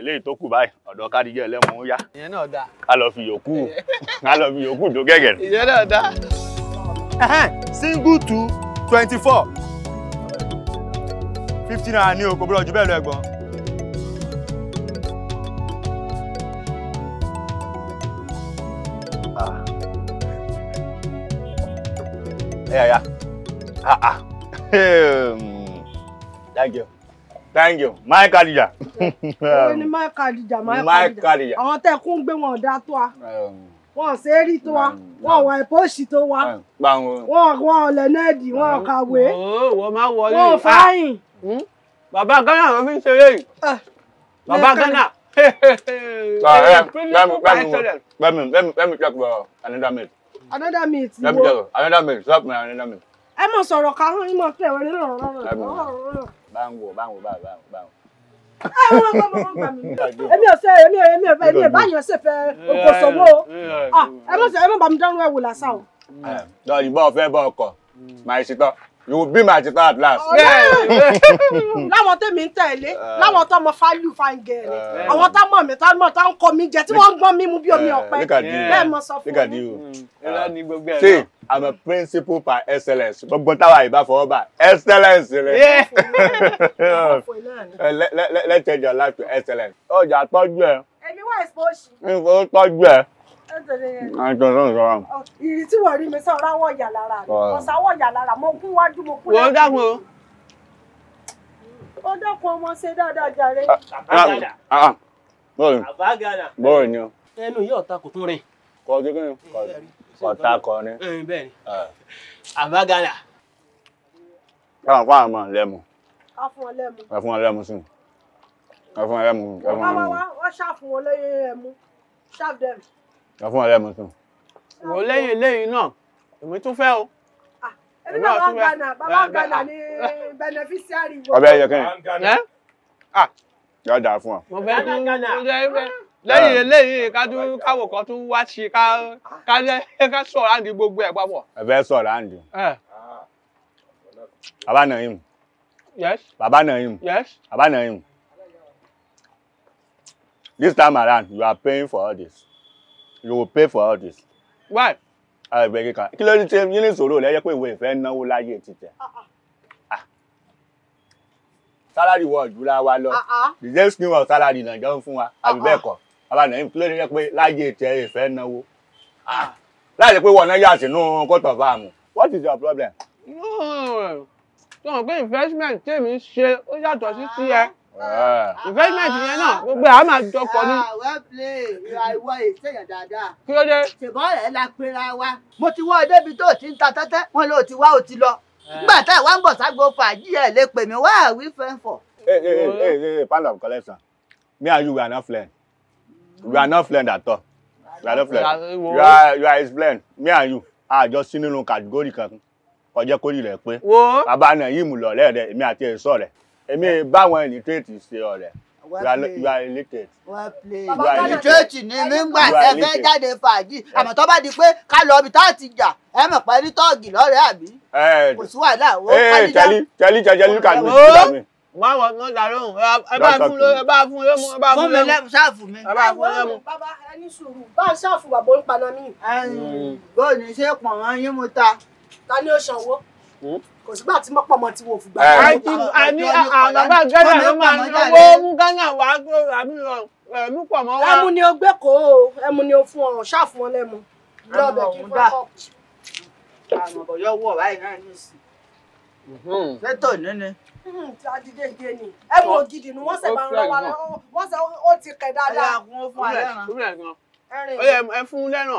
eléyìí tó kù báyìí ọ̀dọ̀ kádìjẹ́ ẹlẹ́mu ń yá. ìyẹn náà dáa. ká lọ fi yòókù ká lọ fi yòókù tó gẹ̀gẹ̀rẹ̀. single two twenty four fifty naira ní o kò gbọ́dọ̀ jù bẹ́ẹ̀ lọ ẹ̀gbọ́n. Ah. ẹ yà yà ah ah hmm. thank you thank you my kadija. owó ni my kadija my kadija àwọn tẹ kún gbé wọn dá tó a um, wọn ṣe é rí tó wa um, wọn wà ìpóòsì tó wa um, wọn wọn ọlẹ nẹẹdì wọn kàwé oh, wọn ah, fáyìn. Hmm? bàbá gánà ló fi ń ṣeré yìí ah, bàbá gánà. bẹ́ẹ̀ni bẹ́ẹ̀ni bẹ́ẹ̀ni check for another meat. another meat wo another meat stop me another meat. ẹ mọ sọ̀rọ̀ kan ẹ mọ fẹ wẹrẹ rọrọ rọrọ rọrọ bá ń wò bá ń wò bá ń wò bá ń wò. èmi ò ṣe èmi ò èmi ò fẹ́ èmi ò báyọ̀ ṣe fẹ́ oko sọ̀wọ́ eh, eh, ah, ẹ mọ̀ sọ ẹ bá mi dánwó ẹ wò lásán o. Eh, lọ́ọ̀dì bọ́ọ̀ fẹ́ bọ́ ọkọ̀ máa hmm. ṣe tán you will be my tita at last. láwọn tèmi ń tẹ̀lé uh. láwọn tó mọ fálù fáńgẹ̀ rẹ̀ àwọn tá mọ̀ mi tá mọ̀ tá ń kọ mi jẹ tí wọ́n ń gbọ́n mi mú bí omi ọ̀pẹ bẹ́ẹ̀ mọ sọ fún mi. Mm. see i'm a principal par excellence gbogbo táwa ìbá fọwọ́ bá excellence rẹ uh, let's change your life to excellence ọjà tọ́jú ẹ. èmi wá ìfọ̀ọ́sì. ìfọ̀ọ́sì tọ́jú ẹ àìsàn náà sọra. ìrì tí wọ́n rí mi sọ ráwọ̀ ìyà lára mi ọ̀sáwọ̀ ìyà lára mo kún wájú mo kún lẹ́yìn. wọ́n dákun o. ó dákun ọmọ ṣe dáadáa jàre. Ah, ah, ah, bọ́ọ̀lù bọ́ọ̀lù ni o. ẹnu yóò ta kò tún rìn. kọ ọdún kìíní ọ̀tá kọrin. bẹ́ẹ̀ni àbágàdà. káwọn fún àwọn lẹ́mu. ká fún ọ lẹ́mu. ká fún ọ lẹ́mu sí ká fún ọ lẹ́mu. bàbá wa wọ́n lẹ́yìn ẹ̀mú ṣàfù ẹ fún ọ̀rẹ́ mi sùn. wò lẹ́yìn lẹ́yìn náà èmi tún fẹ́ o. ẹni bàbá gánà bàbá gánà ni beneficiary. ọbẹ̀ yẹ kẹ́yìn ah. yóò dáa fún ọ. mo fẹ́ tún mo fẹ́ fẹ́ lẹ́yìn eléyìí ká tún káwọ̀ kan tún wá sí ká ká ká sọ̀rọ̀ àǹdí gbogbo ẹ̀ papọ̀. ẹ fẹ́ sọ̀rọ̀ àǹdí. bàbá náà yìí. yes. bàbá náà yìí. yes. bàbá náà yìí. this time around you are paying for all this you will pay for all this. why. àgbẹ̀ ah, kíkà kí ló ní tí yín ní ìṣòro rẹ̀ yẹ pé ìwé ìfẹ́ náwó láyé títẹ̀. Ah, ah. sálárì wọ ìjúra wa lọ the same scheme of salary nàìjọ ń fún wa àbí bẹ́ẹ̀ kọ́ bàbá nàìjíríà kí ló ní yẹ pé láyé tẹ ìfẹ́ náwó. láyé pé wọ́n náà yà sínú court of arm what is your problem. tó hàn pé investment tèmi ṣe ó yàtọ̀ sí tiẹ̀. investment yẹn náà gbogbo àwọn máa jọkọ ní. Ah, well play ìwọ ìṣèyàn dáadáa. kí ló dé. ṣèbọn rẹ la pera wa. mo ti wọ débi tó ti ń ta tẹ́tẹ́ wọn ló ti wá ó ti lọ. Eh. nígbà tá ìwà ń bọ̀ ságbo fàájì ẹ̀ lè pè mí wá àwí fẹ́ǹfọ̀. hey hey hey hey pound of collection me and you we are not friends we are not friends at all we are not friends you are you are his friend me and you a èmi báwọn illiterate ṣe ọ̀rẹ́ you are you are illiterate. bàbá illiterate ni mi ń gbà ẹ fẹ́ jáde fàájì àmọ́ tó bá di pé ká lọ ibi tá a ti jà ẹ mọ̀ pé ní tọ́ọ̀gì lọ́rẹ̀ẹ́ àbí kò sí wàhálà owó kálíjà. tẹ́lí tẹ́lí jẹjẹ lùkà mi lùkà mi wọn wọ ní ọdaràn ẹ bá fún ló ẹ bá fún lómú ẹ bá fún lómú ṣáàfù mi. ẹ bá fún lómú. bàbá ẹni sùúrù bá ṣáàfù bàbá ń paná mi. bóòní ṣé pọ̀n wọn yín mu ta. ta ni ó ṣanwó. Hmm? kò sígbà tí mọ́pọ̀mọ́ tí wọ́n fi gbà. àní bàbá gánà ló máa ń lọ mú gánà wá àmì ẹ̀mú pọ̀ mọ́ wá. ẹmu ni o gbé kó o ẹmu ni o fún ọ ṣáàfù wọn lẹ́mu lọ́bẹ̀ kí fún ọ. àwọn nínú hmm. hmm, tí a dìde dé ni ẹ mọ ògidì ni wọ́n ṣe máa ń rán wa lọ wọ́n ṣe ó ti kẹ dáadáa. ẹ fún lẹ́nà.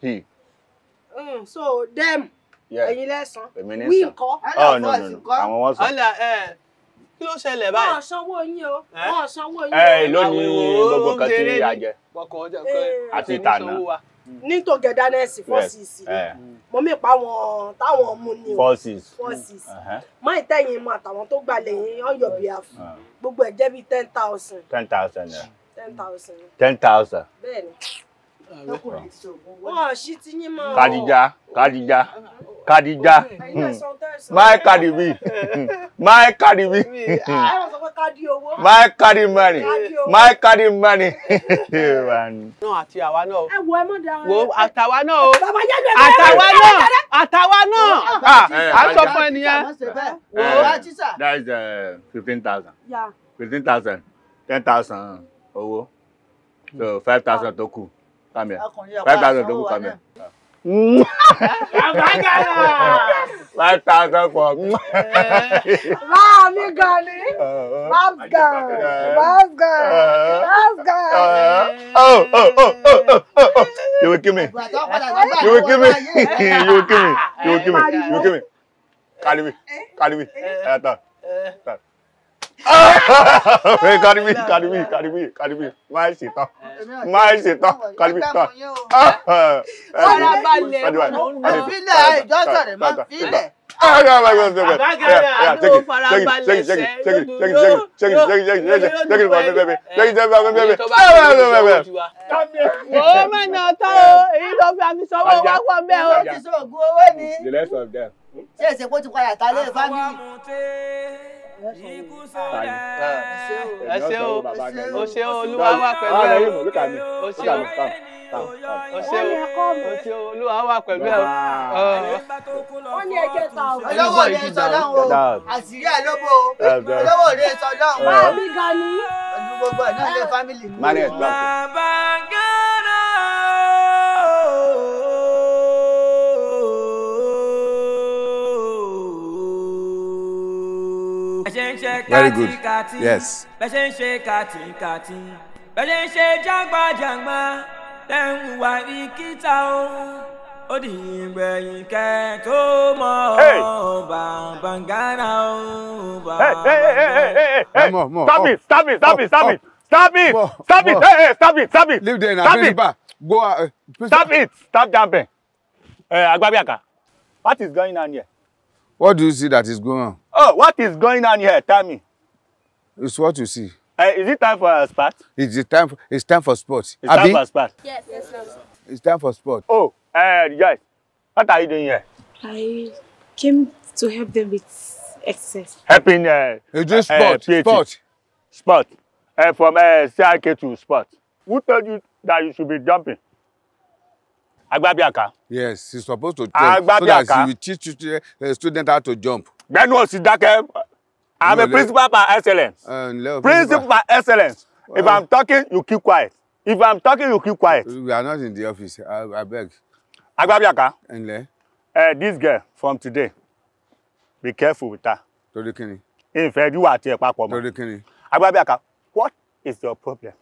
he. Mm, so them Yeah. ẹ̀yin lẹ́sàn wí nǹkan all of us nǹkan àwọn wọn sọ. ọ̀là eh, kí ló ṣẹlẹ̀ báyìí. wọ́n sanwó yín o eh? wọ́n sanwó yín eh, o. ẹ lónìí gbogbo kan tí a jẹ àti ìtànà mm. ní tògẹ̀dá nẹ́ẹ̀sì fọ́sìsì mo mi pa wọn táwọn mú ni o fọ́sìsì uh-huh. má ìtẹ̀yìn mọ àtàwọn tó gbà lẹ́yìn ọ̀yọ̀ bíi àfọ gbogbo ẹ̀ jẹ́ bíi ten thousand. ten thousand. ten thousand. ten thousand. bẹ́ẹ̀ ni. Kadija, Kadija, Kadija. My Kadi B. My Kadi B. My Kadi money. My Kadi money. No, àti àwa náà. Ẹ wo ẹ mọ̀ dára. Wo àtàwa náà o. Àtàwa náà. Ah, ah, ah. Eh, eh, that is eh, fifteen thousand. Fifteen thousand. Ten thousand owó. So five thousand tó kù. Come Five thousand double come here. Five thousand for Mom, you got it. Mom's got it. Mom's got it. Mom's got it. Oh, oh, oh, oh, oh, oh, oh. You will kill me. Eh. You will kill me. You will kill me. You will kill me. You will kill me kárí mi kárí mi kárí mi kárí mi má ṣe tán má ṣe tán kárí mi tán. fara balẹ̀ ọ̀nà fílẹ̀ ìjọsọ̀ rẹ̀ máa fílẹ̀. Mo máa ń nà tán o, èyí ló fi àfisọ́wọ́ wá pọ̀ mẹ́ o ṣé èsè kó ti padà ta lé fámìlì. ẹ ṣé o o ṣé o olúwa wà pẹ̀lú ẹ o ṣé o o ṣé o o ṣé o olúwa wà pẹ̀lú ẹ o. wọ́n ní ẹjẹ́ ta o. olówó òde sọlọ́run o àṣírí ẹ̀ lóbo olówó òde sọlọ́run. máa bí gan ni. olú gbogbo ẹ̀ náà lé fámìlì mi. very good yes. bẹ́sẹ̀ ń ṣe kàtìkàtì bẹ́sẹ̀ ń tẹ̀ ń wà ìkíta o ó di ìgbẹ̀yìn kẹ́ tó mọ̀ bàbá gánà o bàbá gánà. stop it stop it stop it stop it stop it stop it hey stop it stop it leave there na principal go uh, uh, stop it stop jumping. Uh, Agbabiaka, what is going on here? What do you see that is going on? Oh, what is going on here? Tell me. It's what you see. Uh, is it time for a spot? It's time. For, it's time for sports. It's Abi? time for sports. Yes, yes, sir. It's time for sports. Oh, uh, guys, what are you doing here? I came to help them with exercise. Helping. Uh, you do sport. Uh, sport. Sport. Uh, from uh, CRK to sport. Who told you that you should be jumping? Agbabiaka. Yes, he's supposed to jump. Agbabiaka. So that he will teach you, uh, student how to jump. Gbẹ́nu òsì dákẹ́. I'm no, a principal by excellence. Uh, no, principal by excellence. Uh, If I'm talking, you keep quiet. If I'm talking, you keep quiet. Uh, we are not in the office. I, I beg. Agbabiaka. Nle. Uh, this girl from today, be careful with her. Torí kí ni? Ìfẹ́ ìdíwọ̀ àti ẹ̀ papọ̀ mọ́. Torí kí ni? what is your problem?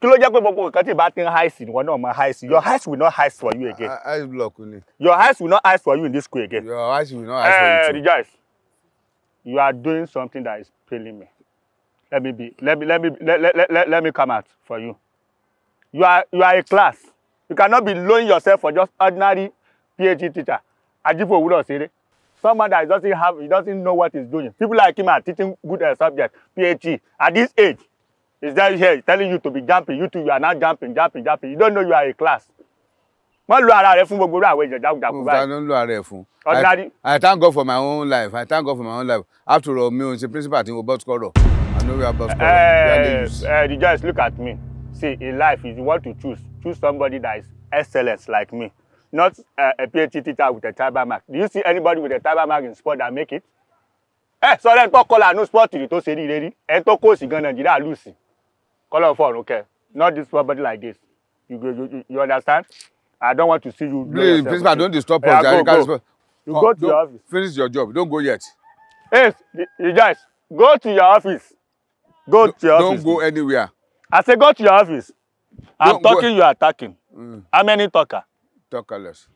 kí ló jẹ́ pé gbogbo nǹkan tí ìbá ti ń high school. ìwọ náà mọ high school? your high school will not high school for you ah, again. high ah, block ni. your high school will not high school for you in this school again. your high school will not high school for you eh, too. rejoice you are doing something that is paining me let me be let me let me let, let, let, let me come out for you you are you are a class you cannot be loaning yourself for just ordinary phd teacher ajibo owurọ sere someone that doesn't have he doesn't know what he's doing people like him are teaching good uh, eh, subjects phd at this age Is that here telling you to be jumping? You too, you are not jumping, jumping, jumping. You don't know you are a class. Wọ́n lo ara rẹ̀ fún gbogbo àwọn ìjà jagunjagun báyìí. Mo ń lo ara rẹ̀ fún. Ordinary. I thank God for my own life. I thank God for my own life. After all, mi ò ṣe principal tí mo bọ́ sọ̀rọ̀. I know we are bọ́ sọ̀rọ̀. Rejoice, look at me. See, in life, if you want to choose, choose somebody that is excellent like me. Not uh, a PhD teacher with a tribal mark. Do you see anybody with a tribal mark in sport that make it? Ẹ sọ ẹ́ ń tọ́kọ́ làánú sport rí tó ṣe rí rí. Ẹ tó kóòsì gan Nàìjíríà lùsì kọ́lọ̀ phone, okay? not this somebody like this you go you, you understand i don't want to see you. please please, don't disturb us yeah, go, go. you oh, go to your office. finish your job don't go yet. yes you guys go to your office go no, to your office. don't go anywhere. i say go to your office i'm don't talking go. you are talking mm. how many talker. talkerless.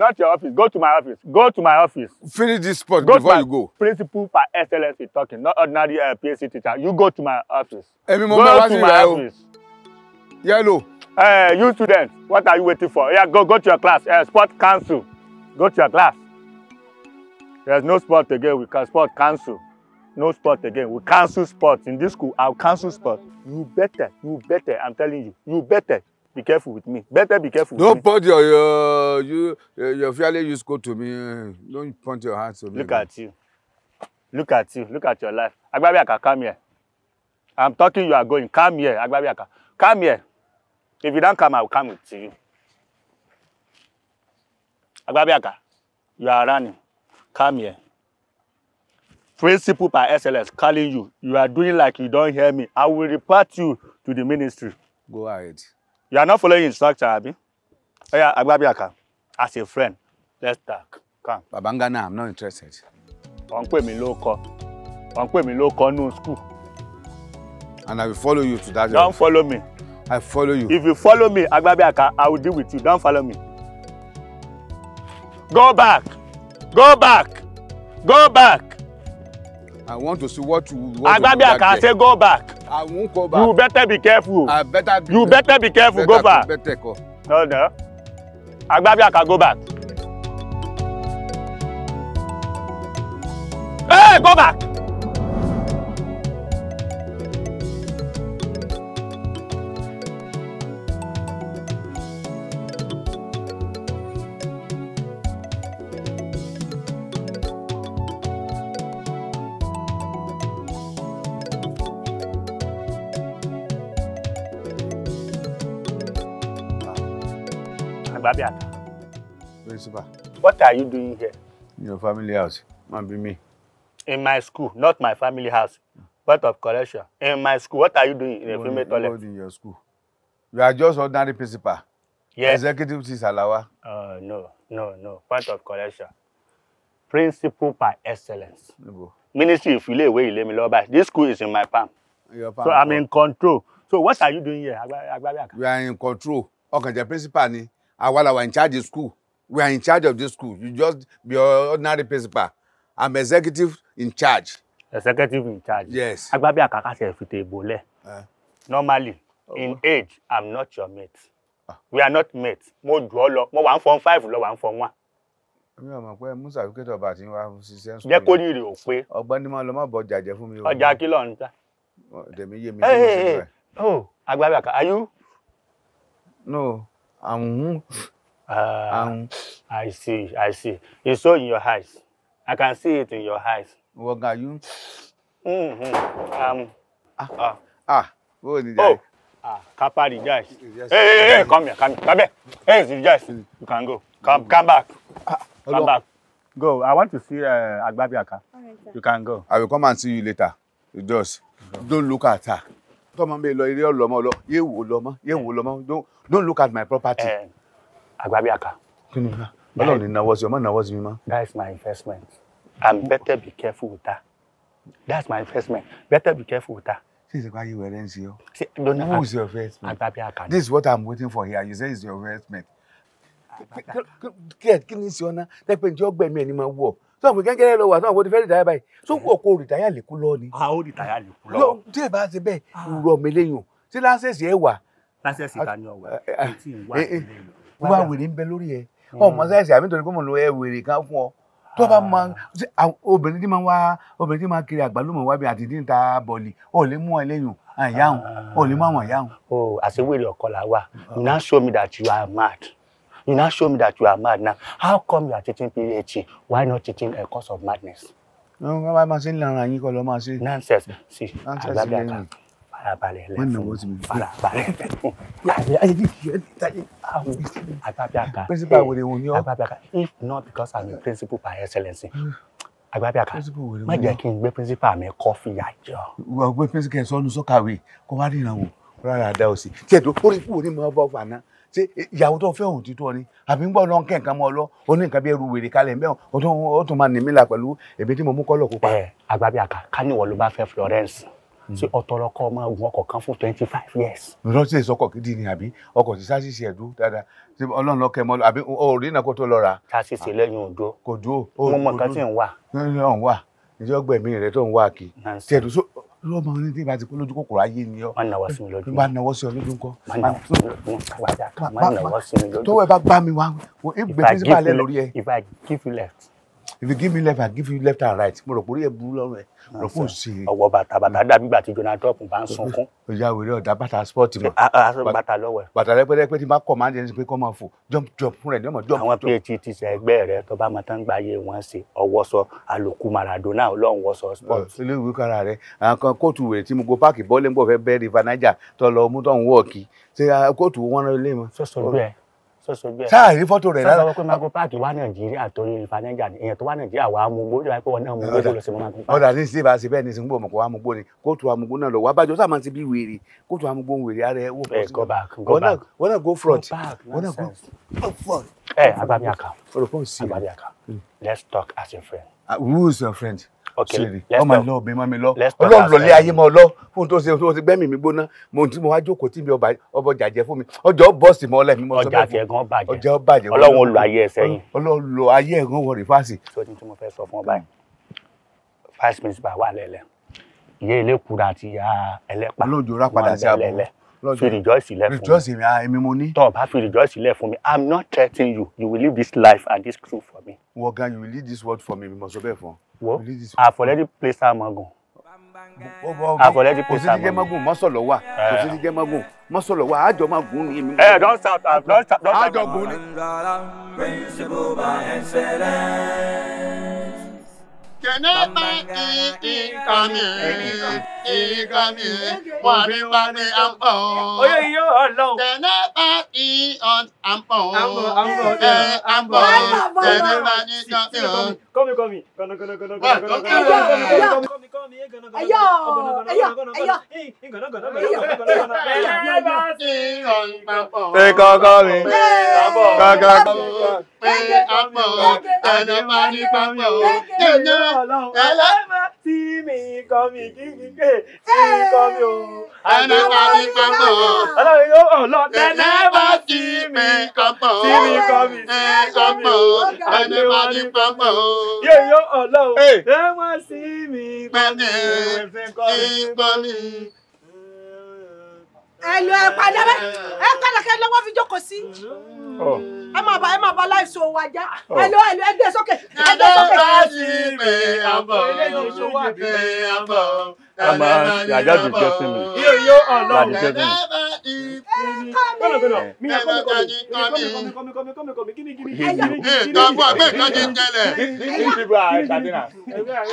Not your office. Go to my office. Go to my office. Finish this spot go before you go. Principal for SLS is talking, not ordinary uh, PhD teacher. You go to my office. Èmi mo máa wá sí ìlà o. Yellow. Uh, you student, what are you waiting for? Yeah, go, go to your class. Uh, sport council. Go to your class. There's no sport again. We can sport council. No sport again. We cancel sport in this school. I'll cancel sport. You better. You better. I'm telling you. You better be careful with me better be careful with don't me. point your your you, your fairly use code to me don't point your hands. to me. look at you look at you look at your life agbabiaka come here i'm talking you are going come here agbabiaka come here if you don't come i will come with you agbabiaka you are running come here principal by SLS calling you. You are doing like you don't hear me. I will report you to the ministry. Go ahead. You are not following instruction, Abi. Oh yeah, Agbabiaka, as a friend, let's talk. Come. Babangana, I'm not interested. Wọ́n pè mí lóko. Wọ́n pè mí lóko nínú school. And I will follow you to that. Don't follow me. I follow you. If you follow me, Agbabiaka, I will deal with you. Don't follow me. Go back. Go back. Go back. I want to see what you Agbabiaka, I say go back. I won't go back. You better be careful. I better be You better, be careful. Better go back. Better go. No, no. Agbabia can go back. Hey, go back! Abiata. Principal. What are you doing here? In your family house. Not be me. In my school, not my family house. What of collection? In my school, what are you doing in a female toilet? in your school? You are just ordinary principal. Yes. Executive is Alawa. Uh, no, no, no. Point of collection. Principal by excellence. Nibo. Ministry if you lay ilé you lay, me lọ back. This school is in my palm. Your palm. So I'm in control. So what are you doing here? You are in control. Okay, the principal ni. While I was in charge of school we are in charge of this school you just be ordinary principal i'm executive in charge. executive in charge. yes. agbábí àkàkàṣe ìfìtè ìbò lẹ. normally oh, in age i'm not your mate ah. we are not mate mo jù ọ lọ mo wà ń fọ five lọ wà ń fọ one. mi ò mọ̀ pé musa fúkẹ́tọ̀ bá ti ń wá ṣiṣẹ́ sùn. jẹ́ kó ní ìrè ò pé. ọgbọ́n ni mo lọ mọ̀ bọ jàjẹ́ fún mi. ọjà kìlọ̀ ń ta. tèmi yé mi. Oh, agbábí àkàkà are you. no. Um, uh, um, I see, I see. You saw in your eyes. I can see it in your eyes. What are you? Mm-hmm. Um, ah, ah. ah. What is Oh. Ah, Kappa rejoice. Yes. Hey, hey, hey, come here, come here. Come here. Hey, rejoice. Mm. You can go. Come, come back. Ah, come hello. back. Go. I want to see uh, Agbabiaka. All You can go. I will come and see you later. Just don't look at her tọ́mọ mi lọ eré ọlọmọ lọ yé wò lọmọ yé wò lọmọ don't look at my property. àgbàbíàkà. kí ni ọlọ́run ní nawọ́ sí ọmọ nawọ́ sí mi mọ́. that is my investment and better be careful with that that's my investment better be careful with that. This is why you were NC. Who is your investment? This is what I'm waiting for here. You say it's your investment. Kí ni sí ọ̀nà? Lẹ́pẹ̀ ǹjẹ́ ọgbẹ́ mi ẹ̀ máa wọ̀? sọ pé gẹ́gẹ́ lọ wà sọ pé o ti fẹ́ rìtáyà báyìí sọ pé òkò rìtáyà lè kú lọ ni. a ó rìtáyà lè kú lọ. tí ẹ bá ṣe bẹ́ẹ̀ rọ mi léyìn tí lásẹ̀sì ẹ wà. lásẹ̀sì ta ni ọ̀wẹ́ ah, ah, tí ì wá eh, eh. ìlú. wíwá wèrè ń bẹ lórí ẹ ọmọ sáyẹ̀sì àmì nítorí pé mo lo ẹ wèrè kan fún ọ tó bá máa obìnrin tí máa wá obìnrin tí máa kiri àgbálùmọ̀ wá bí àtìdí ń ta bọ̀ọ̀lì ò lè mú ẹ lẹ́yìn àyàwó ò lè mú àwọn àyàwó. Ah. o oh, àṣewèrè ọkọ you now show me that you are mad. You now show me that you are mad now. How come you are teaching PhD? Why not teaching a course of madness? Wọ́n bá máa ṣe ń lanra yín kọ́ Nonsense. Si, If not because I'm a principal by Excellency, hmm. Agbabiaka. Má jẹ́ kí n gbé principal mi kọ́ fìyà jọ. Wọ́n gbé principal sọ́nu sọ́kàwé so wá ríran wò now dá òsì. Tiẹ̀ tó kórìkù ò ní mọ ọbọ̀ fàná ṣe ìyàwó tó fẹ́ òun ti tó ni àbí ń gbọ́ lọ́n kẹ́ nǹkan mọ́ ọ lọ ó ní nǹkan bí ẹrù wèrè kalẹ̀ mẹ́wọ̀n ó tún ó tún máa nìmílà pẹ̀lú èmi tí mo mú kọ́lọ̀ kópa. ẹ agbábí àká ká ní ìwọ ló bá fẹ́ Florence hmm. ṣé ọ̀tọ̀rọ̀ kọ́ ọmọ ogun ọkọ̀ kan fún twenty five years. lọ sí ìsọkọ gidi ni àbí ọkọ̀ sí sásìsì ẹ̀dú dáadáa ṣé ọlọ́run lọ́kẹ́ mọ́ àbí òòrì náà kó tó lọ ra. sásìsì lẹ́yìn òdo kò dúró. mo mọ nǹkan tí ń wà. ń wà ìjọgbẹ̀mí rẹ̀ tó ń wà kì í tiẹ̀ tó irú ọmọ ní tí ìbá ti kó lójú kòkòrò ayé ni ọ. má nàwọ́ sí mi lójú. má nàwọ́ sí ọ lójú ńkọ́. má nàwọ́ sí mi lójú ńkọ́. má nàwọ́ sí mi lójú. tọ́wọ́ ẹ bá gbá mi wá if i give you left if you give me left i give you left and right mo rò pé orí ẹ burú lọ́rùn ẹ rò pé ò sí. ọwọ́ bàtà bàtà dàbí ìgbà tí Jonathan Trump bá ń sunkún. ìyá wèrè ọ̀dà bàtà sport mọ̀. bàtà lọ́wọ́ ẹ̀. bàtà rẹpẹtẹ pé tí máa kọ̀ máa ń jẹ́ pé kọ́ máa fò jump jump fún rẹ̀ ní ọmọ jump. àwọn phd ti sẹ ẹgbẹ́ rẹ tó bá máa tán gba ayé wọn ṣe ọwọ́ sọ àlòkù Maradona ọlọ́run wọ́ sọ sport. ilé ìwé sójú ẹ. sáà rí fọ́tò rẹ̀ lára. sọ pé mago park wà nàìjíríà torí ìfanẹ́jà èèyàn tó wà nàìjíríà wà á mú gbó ìjọba pé wọn náà mú gbó lọ sí mago park. ọ̀dà ní síbà sí bẹ́ẹ̀ ní sí ń bò mú gbó ni kóòtù amúgbó náà lọ wà bàjọ́ sáà máa ti bí wèrè kóòtù amúgbó ń wèrè ara ẹ wò. ẹ eh, go back go back. wọn náà go front wọn náà go front. ẹ eh, agbami aka agbami aka hmm. let's talk as a friend. Ah, who is your friend? sílẹ̀ ọmọ ìlọ ọbẹ̀ mọ́ mi lọ ọlọ́run lọlé ayé mọ́ lọ fún tó ṣe tó ti gbẹ́mì mi gbóná mo ti mo wá jókòó tí mi ọbọ̀ jàjẹ́ fún mi ọjọ́ bọ́ọ̀sì mọ́ ọlẹ́mí mọ́ ọjà àti ẹ̀gán bàjẹ́ ọjà bàjẹ́ ọlọ́run lo ayé ẹsẹ̀ yìí ọlọ́run lo ayé ẹ̀gán wọ rìfáàsì. sọ ti tí mo fẹ́ sọ fún ọ báyìí five minutes bá wà lẹ́lẹ̀ ìyá elékùrà àti ìyá ẹlẹ́pà ọlọ́jọ́ rà padà sí àbọ̀ fi rejoice lẹ fún mi rejoice mi ah èmi mo ní. tọ́ ọ bá fi rejoice lẹ fún mi i'm not threatening you you will leave this life and this crew for me. wọ́gá you will leave this world for me mi mọ̀ sọ bẹ́ẹ̀ fún ọ. wo àfọlẹ́dí place amagun àfọlẹ́dí place amagun. kò sí magun mọ́sọ̀lọ́ wà eh. kò sí dígẹ́ magun mọ́sọ̀lọ́ wà àjọ magun ni èmi. ẹ eh, don shout out don shout out. gun ni. Kenapa i kami i kami wari wari ampo. Oyo iyo hello. Kenapa i on ampo. Ampo ampo ampo. Kenapa ni kami. Komi komi kono kono kono kono kono kono kono komi komi kono kono. Ayo ayo ayo. Kono kono kono kono. Kenapa i on ampo. Teko komi. Ampo. Kakak. Ampo. Kenapa ni kami. Kenapa ẹlẹ́mọ̀ tí mi kọ́ mi kíkíkè tí mi kọ́ mi o. ẹnẹ́fà mi pamọ́. ọlọ́run yóò ọ̀lọ́ ẹnẹ́fà tí mi kọ́ mọ́. tí mi kọ́ mi tí mi kọ́ mọ́. ẹnẹ́fà mi pamọ́. yóò yóò ọ̀lọ́ ẹnẹ́fà tí mi kọ́ mi kọ́ mi ẹ lọ ẹ padà bẹ ẹ padà kẹ lọ́wọ́ fi jókòó sí ẹ máa bá ẹ máa bá láìsọ wa já ẹ lọ ẹ lọ ẹ gbé e sókè ẹ gbé e sókè. ẹ lọ bá jí pé àbọ̀ ẹ lọ bá jí pé àbọ̀. I'm uh, yeah, just discussing me. Yo, yo, oh, Lord. Yeah, discussing me. Come on, come on. Me, come on, come on, come on, come on, come on, come on, come on, These people are entertaining us.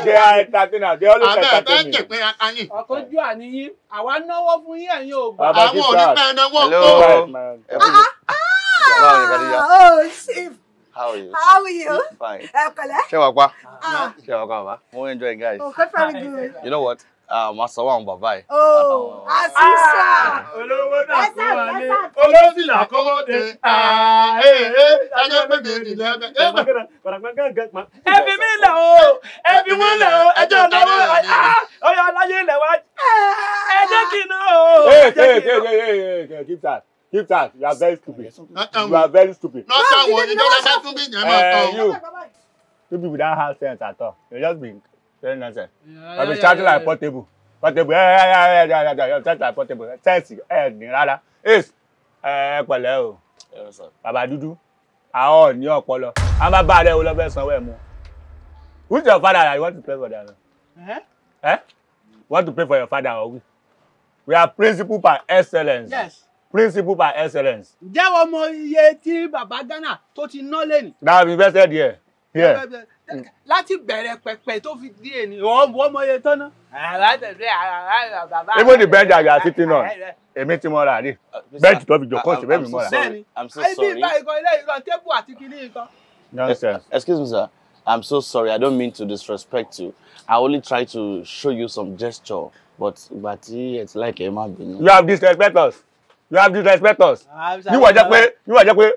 They are entertaining us. They always entertain me. Ọkọ̀jú àníyí, àwa náwó fún yín ẹ̀yin ògbà. Àwọn onípa ẹ̀náwó kó. Oh, Chief. How are you? How are you? Fine. Ṣé wàá pa? Ah. Ṣé wàá pa, mama? Mo enjoy guys. Oh, very good. You know what? Ah, máa sanwó àwọn bàbá ẹ̀. Oh, àṣìṣà ah, olówó náà kó wà ní olófìlà kọ́wọ́ de ẹjọ́ bèbè ìdílé ẹgbẹ́. ẹ fi mí lẹ̀ o eh, ẹ fi wọ́n lẹ̀ o ẹjọ́ náwó ah, ọyọ aláyé lẹ̀ wá eh, ẹ jẹ́ kí n náà o. Eh, keep that keep that you are very stupid you are very stupid. Not that one. You don't tún bí yẹn you you be without house sense at all you just be very nice. I be chat like portable. Portable. Eh eh eh eh eh eh chat like portable. Sense eh ni rárá. Ace. Eh pẹ̀lẹ́ o. Bàbá dúdú. A o ní ọpọlọ. A ma ba re o lo be sanwó ẹ mu. Who's your father? You want to pay for that? Eh? Eh? Want to pay for your father or we? We are principal by excellence. Yes. Principal by excellence. Jẹ́wọ́ mọ iye tí bàbá Ghana tó ti ná lẹ́nu. Now I've invested here. Here. Yeah, Mm. láti bẹ̀rẹ̀ pẹ̀pẹ̀ tó fi di ènìyàn wọ́n mọ iye tán náà. even the bed àgbà títí náà èmi ti mọ́ra rí bẹ́ẹ̀dì tó fi jòkó ṣe bẹ́ẹ̀ mi mọ́ra. bẹ́ẹ̀ni ibi ìgbà ìkan ilé ìran tébù àti kìíní nǹkan. nonsense. Eh, excuse me sir i'm so sorry i don't mean to disrespect you i only try to show you some gesture but ìgbà tí ẹ ti láìkẹ́ ẹ má bínú. you have disrespect us you have disrespect us you wà jẹ́ pé you wà jẹ́ pé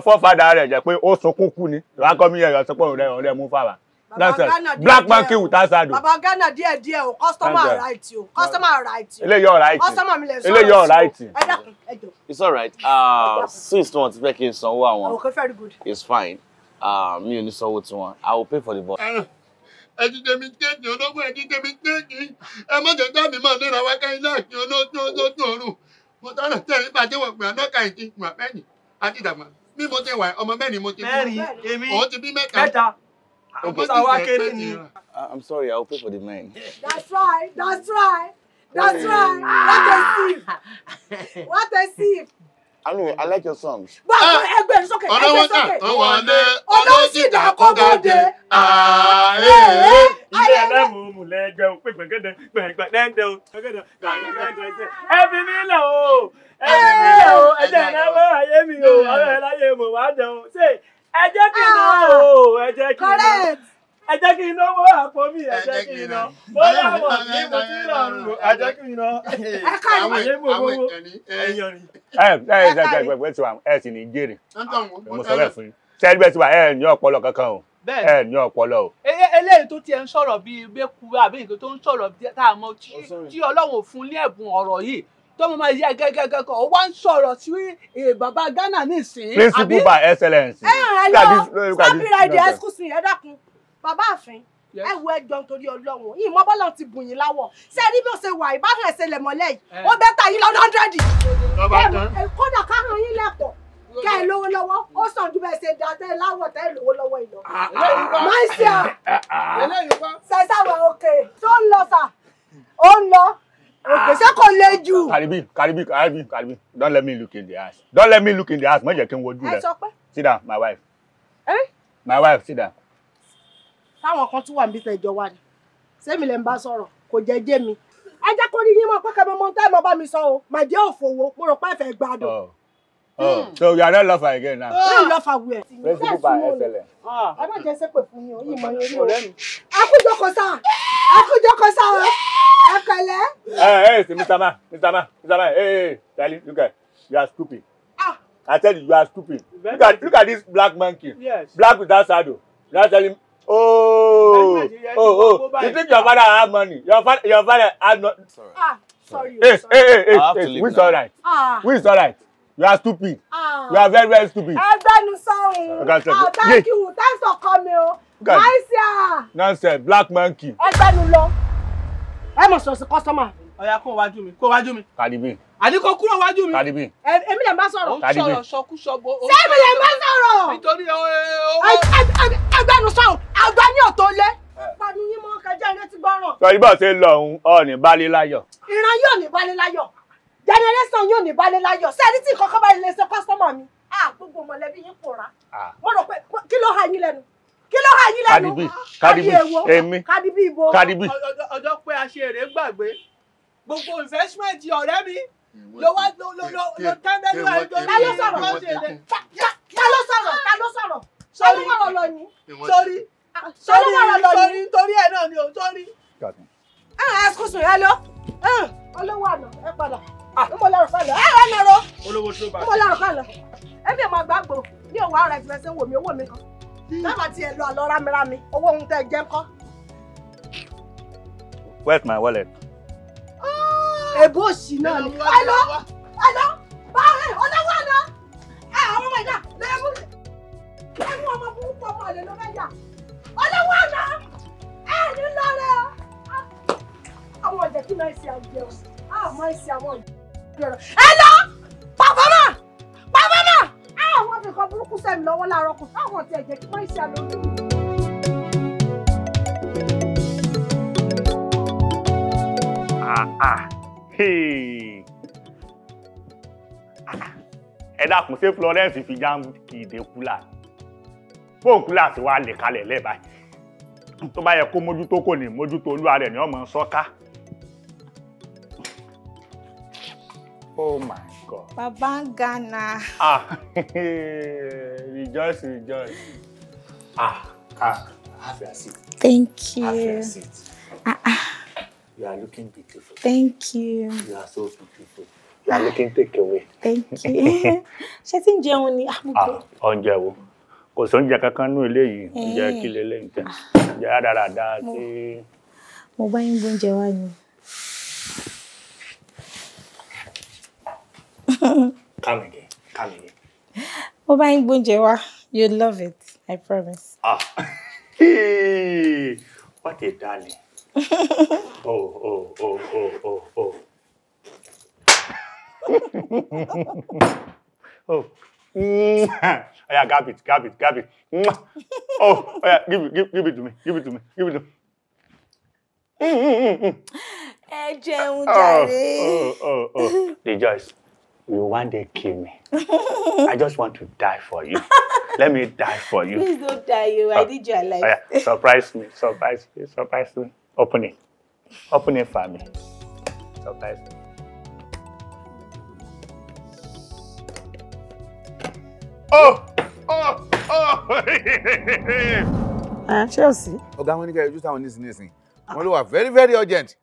fọ́fàdà rẹ̀ jẹ́ pé ó sunkún kú ni you wan come here you sunkún ọ̀rẹ́ ọ̀rẹ́ mú fàwà nonsense black man with wùtá sádò. baba Ghana díẹ̀ díẹ̀ o customer right o customer right o eléyìí right. customer mi lè sọ̀rọ̀ sí o eléyìí ọ̀ráìtì. it's alright uh, ah, since wọn ti fẹ́ kí n sanwó àwọn oh, it's fine ah, mi ò ní sanwó tiwọn i will pay for the bus ẹ̀dìdè mi téèjì ológun ẹ̀dìdè mi téèjì ẹ má jẹ́ dáàmì máa wákàtí láàkì olójú olójú ọ̀run mo tọ́nà tẹ̀lé bàjẹ́ wọ̀ gbìyànjú náà káyìn tí gbìyànjú mẹ́rin àti ìdàgbà bí mo ti wà ọmọ mẹ́rin mo ti bí mẹ́rin èmi mẹ́ta òkúta wa kéré ni. I'm sorry, I will pay for the men. That's right, that's right, that's right. What a thief! What a thief! Anu, I like your songs. Bá a kọ ẹgbẹ́ ní sókè, ẹgbẹ́ sókè. Ọ̀nà wọ́n tà, ọ̀wọ́n lé, ọ̀nà ó sì lẹ́jẹ̀ o pé gbẹ̀gẹ́dẹ̀ gbẹ̀gbẹ̀dẹ̀ o gbẹ̀gẹ́dẹ̀ gbẹ̀gbẹ̀dẹ̀ ẹ fi mí lẹ̀ o ẹ fi mí lẹ̀ o ẹ jẹ́ ìnáwó ayé mi o ọ̀rọ̀ ẹ̀ láyé mò wá jẹun ṣe ẹ jẹ́ kí n náà o ẹ jẹ́ kí n náà ẹ jẹ́ kí n náà wọ́n àpò mi ẹ jẹ́ kí n náà bóyá wọ̀ ní mo ti rọrùn ẹ jẹ́ kí n náà ẹ ká ìwé yé mo gbogbo ẹyàn ni. ẹ ẹ ẹ ẹ ẹ ẹ sì ní jèrè mo sọ bẹ́ẹ̀ fún yín ṣé ẹgbẹ́ tí wà ẹ ní ọpọlọ kankan o ẹ ní ọpọlọ o. E, e, eléyìí tó tiẹ̀ ń sọ̀rọ̀ bíi gbẹ́kú àbí nǹkan tó ń sọ̀rọ̀ tá a mọ tí oh, ọlọ́run fún ní ẹ̀bùn ọ̀rọ̀ yìí tó mọ máa yẹ gẹ́gẹ́gẹ́ kọ́ ọ wá ń sọ̀rọ̀ sí eh, bàbá Ghana nísìnyí. principal by excellence. ẹ ẹ lọ copyright excuse ẹ dákun bàbá àfin ẹ wo ẹjọ nítorí ọlọ́run yìí mọbọlọ ti bùn yín láwọ ṣé rí bí ó ṣe wà ìbáhùn ẹsẹ lẹmọlẹ yìí eh. ó bẹ ta yín lọ hundred. kódà ká hàn yín lẹpọ kẹ́ ẹ lówó lọ́wọ́ ó sàn ju bẹ́ẹ̀ ṣe da tẹ́ ẹ láwọ̀ tẹ́ ẹ lówó lọ́wọ́ ìlọ. maisia sẹ́sà wà òkè tó ń lọ sà ó ń lọ òkè ṣé kò le jù. karibi karibi karibi karibi don't let me look in the eyes don't let me look in the eyes má jẹ́ kí n wojú rẹ sit down my wife eh? my wife sit down. táwọn kan tún wà níbi tẹ̀ ìjọ wa ni sẹ́mi lẹ́ ń bá sọ̀rọ̀ kò jẹ́ jẹ́ mi ẹ jẹ́ kó rí yín mọ̀ pé kẹ́mi mọ́ ń tẹ́ mọ́ bá mi sọ o màdí òfòwò mo rò pé ẹ fẹ́ gbádùn. Oh. Oh. Hmm. so you are not lover again now. Oh, lover where? Principal by excellence. Ah, I don't just say pé I'm not o, yín mo yori o. Akujo ko sa. Akujo ko sa o. Akale. Eh, eh, Mr. Man, Mr. Man, Mr. Man. Hey, Charlie, look at. You are stupid. Ah. I tell you, you are stupid. Look at, look at this black monkey. Yes. Black without saddle. You are telling Oh, oh, oh! You think your father have money? Your father, your father had not. Sorry. Ah, sorry. Hey, sorry. hey, hey, hey! hey. Who is all right? Ah. Who is all right? you are stupid ah. you are very very stupid. ẹgbẹ́nu sọ̀hún ọ̀tá you. thanks for coming nice, yeah. naisia. nonsense black monkey. ẹgbẹ́nu lọ ẹ mọ̀ sọ̀sì kọ́sọ́mà. ọ̀yà me? wájú mi kó wájú mi. kàdìbí. àdìkò kúrò wájú mi. kàdìbí. èmi lè má sọ̀rọ̀. kàdìbí sọ̀rọ̀ sọkúsọ bo. sẹ́mi lè má sọ̀rọ̀. nítorí owó. ẹgbẹ́nu sọ̀hún àgbà ní ọ̀tọ̀ lé pàdé yín mọ́ kẹjẹ́ ilé ti gbọ́ràn. sọ ibà ṣe lọ òun ọ̀ ní balẹ̀ láyọ̀. ìran yóò ní balẹ̀ láyọ̀ generation yóò ní balẹ̀ láyọ̀ ṣé ẹni tí kọ́kọ́ bá ilé ṣe kọ́sọ́mọ̀ mi gbogbo mọ̀lẹ́bí yín kò rá mo rò pé kí ló ha yín lẹ́nu kí ló ha yín lẹ́nu kadibi èmi kadibi ibo kadibi. ọjọ́ pé aṣèrè gbàgbé gbogbo investment ọ̀rẹ́ mi ló wá ló ló ló ló tẹ́ndẹ́lú àjọ ní ìlú aṣèrè. ta ló sọ̀rọ̀ ta ló sọ̀rọ̀ sórí sórí sórí sórí torí ẹ̀ náà ni ò sórí. Ah, excuse me hello ah, olówó àná ẹ padà. Ah. mo lọ rò fún àlọ́ ẹ wà lọ́rọ́ olówó tó bá mo lọ rò fún àlọ́ ẹbí ọmọ àgbàgbò ní òwò ara ìfẹ́ sí wò mí owó mi kan dábàá hmm. tiẹ̀ lọ àlọ́ rámirámi owó ohun tẹ́ jẹ́ kọ́. where's my wallet. èbó ah! òsì náà ni àlọ́ àlọ́ bá ọlọ́wọ́ àná àwọn ọmọ ìdá lẹ́mú lẹ́mú ọmọ burúkú ọmọ àlè ló fẹ́ yà ọlọ́wọ́ àná ẹ̀ ní lọ́rẹ́ ah! àwọn ọ̀jẹ̀ kí náà ṣe àgbẹ̀ ọ̀ àmọ́ ṣe àwọn ọ̀jẹ̀ ẹ lọ pàfọ́mà pàfọ́mà àwọn fi kan burúkú sẹ́mi lọ́wọ́ láàárọ̀ kan táwọn ti ẹ̀jẹ̀ kí wọ́n ṣe àlóyún. Ah, ah. ẹ dákun ṣé Florence fi jáàmù kì í dé kúlà fóun kúlà sí wa lè kalẹ̀ lẹ́ẹ̀ báyìí tó bá yẹ kó mójútó kò ní mójútó olúwa rẹ̀ ni ọmọ sọ́ká. So Oh my God. Baba Ghana. Ah, rejoice, rejoice. Ah, ah, have your seat. Thank you. Have your seat. Ah, ah. You are looking beautiful. Thank you. You are so beautiful. You are looking take away. Thank you. Ṣé tí ń jẹun ni? Ah, ah oúnjẹ wo? Kò sí oúnjẹ kankan nú ilé yìí. Eh. Oúnjẹ kí lè lẹ́yìn tẹ̀. Oúnjẹ rádaràda tí. Mo bá yín gbóúnjẹ wá ni. Come again. Come again. Ó bá yín gbóúnjẹ love it. I promise. Ah. Hey, what a darling. oh, oh, oh, oh, oh, oh. oh. Mm. oh yeah, grab it, grab it, grab it. Oh, oh yeah, give it, give, give it to me, give it to me, give it to me. Oh, oh, oh, oh. jàre. Rejoice you one day kill me. I just want to die for you. Let me die for you. Please don't die you. Uh, I ah, need your life. Uh, yeah. Surprise me. Surprise me. Surprise me. Open it. Open it for me. Surprise me. Oh! Oh! Oh! Ah, Chelsea. Ọ̀gá wọn ní kẹ́ ẹjú this, nísìnyìí. Wọ́n ló wà very very urgent.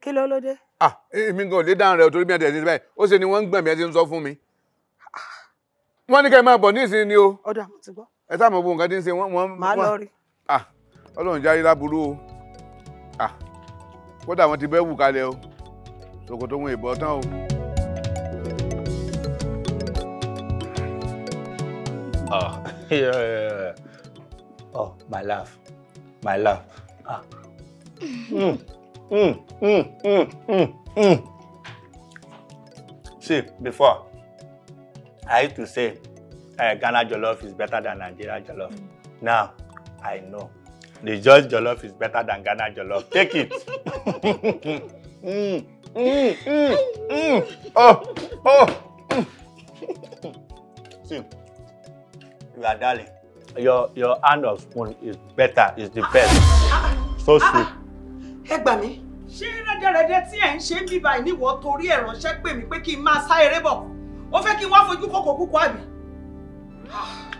Kill all of them ah èmi gan ò lè dáhùn rẹ̀ torí bí ẹ̀ tẹ̀sí báyìí ó ṣe ni wọ́n ń gbẹ̀mí ẹ ti ń sọ fún mi. wọ́n ní kẹ́ ẹ máa bọ̀ ní ìsinmi ni o. ọ̀dà mo ti gbọ́. ẹ sáà mọ̀ bó nǹkan ti ń ṣe wọ́n. màá lọ rí. ah ọlọ́run já rí láburú o ah kódà wọ́n ti bẹ́ wù kalẹ̀ o ṣòkòtò wọn ìbọn tán o. ah yeah, oh my love my love ah. Mm. Mm, mm, mm, mm, mm. See, before, I used to say uh, Ghana jollof is better than Nigeria jollof. Mm. Now, I know. The George jollof is better than Ghana jollof. Take it. mm, mm, mm, mm. Oh, oh. See, you are darling. Your, your hand of spoon is better, is the best. So sweet ẹ gbà mí. ṣé rẹ́dẹ̀rẹ́dẹ́ tí ẹ̀ ń ṣe ń bíbá ìníwọ̀ torí ẹ̀ ránṣẹ́ pè mí pé kí n máa sá eré bọ̀ ó fẹ́ kí n wá fojú kòkò kúkú àbí.